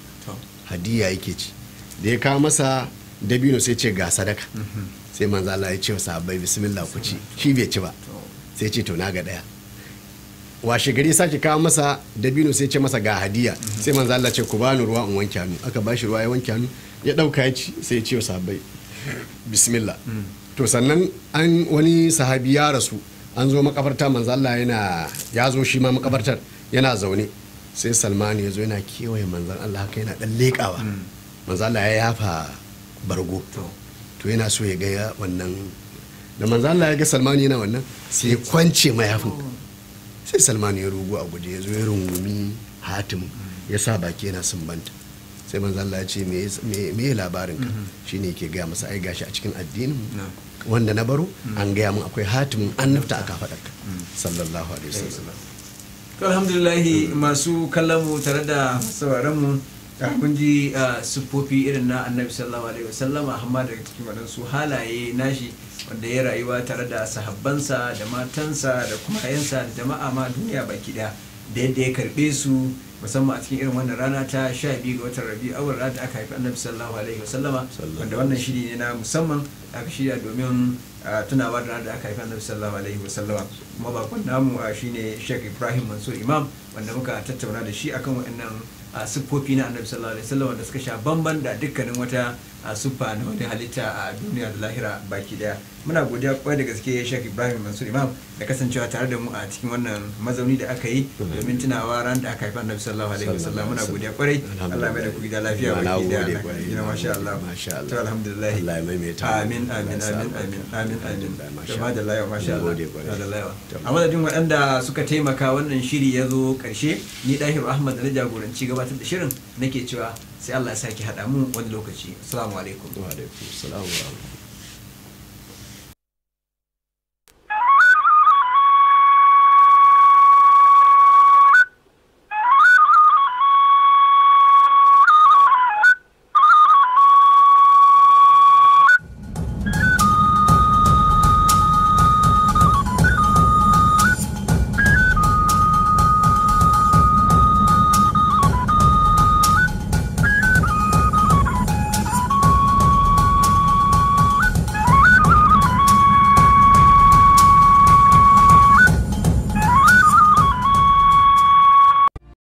hadiya yake ci da ya kawo masa dabino sai ce ga sadaka mhm. sai manzo allah ya ce wa sahabbai bismillah ku ci shi bai ci ba sai ce to ga daya washe gari sake kawo masa dabino sai ce masa ga hadiya sai manzo Allah ce ku bani ruwa in wanke hannu aka ba shi ruwa ya wanke hannu ya dauka ya ci sai ya ce sahabbai bismillah hmm. to sannan an wani sahabi ya rasu an zo makabarta manzo Allah yana ya zo shi ma makabartar yana zaune sai salmanu ya zo yana kewaye manzan Allah haka yana dan leƙawa hmm. manzan Allah ya yafa bargo to yana so ya ga wannan da manzo Allah ya ga salmani yana wannan sai ya kwance mayafin oh. sai salmani ya rugu a guje ya zo ya rungumi hatim ya sa baki yana sumbanta sai manzo Allah ya ce me ya labarin ka mm-hmm. shine ke gaya masa ai gashi a cikin addinin wanda na baro mm. an gaya mun akwai hatimin annabta mm. a ka mm. sallallahu alaihi wasallam to masu kallon mu tare da sauraron mu kun ah, ji ah, siffofi irin na annabi sallallahu alaihi wasallama amma daga cikin wadansu halaye nashi wanda ya rayuwa tare da sahabbansa da matansa da kuma yansa da jama'a ma duniya baki da yadda ya karbe su musamman a cikin irin wannan rana ta sha biyu ga watan rabi awar rana da aka haifi annabi sallallahu alaihi sallama. wanda wannan shiri ne na musamman aka shirya domin tunawa da rana da aka haifi annabi sallallahu alaihi sallama kuma bakon namu shine sheikh ibrahim mansur imam wanda muka tattauna da shi akan wa'annan siffofi na annabi sallallahu alaihi sallama da suka sha bamban da dukkanin wata a sufa na wani halitta a duniya da lahira baki daya muna godiya kwarai da gaske shek ibrahim mansur imam da kasancewa tare da mu a cikin wannan mazauni da aka yi domin tunawa ran da aka haifa annabi sallallahu alaihi wasallam muna godiya kwarai Allah mai da ku gida lafiya baki daya gina masha Allah to alhamdulillah Allah mai mai ta amin amin amin amin amin amin da masha Allah da lafiya a madadin waɗanda suka taimaka wannan shiri ya zo ƙarshe ni dahiru ahmad da na jagoranci gabatar da shirin nake cewa sai Allah ya sake haɗa mu wani lokaci assalamu alaikum wa alaikum assalam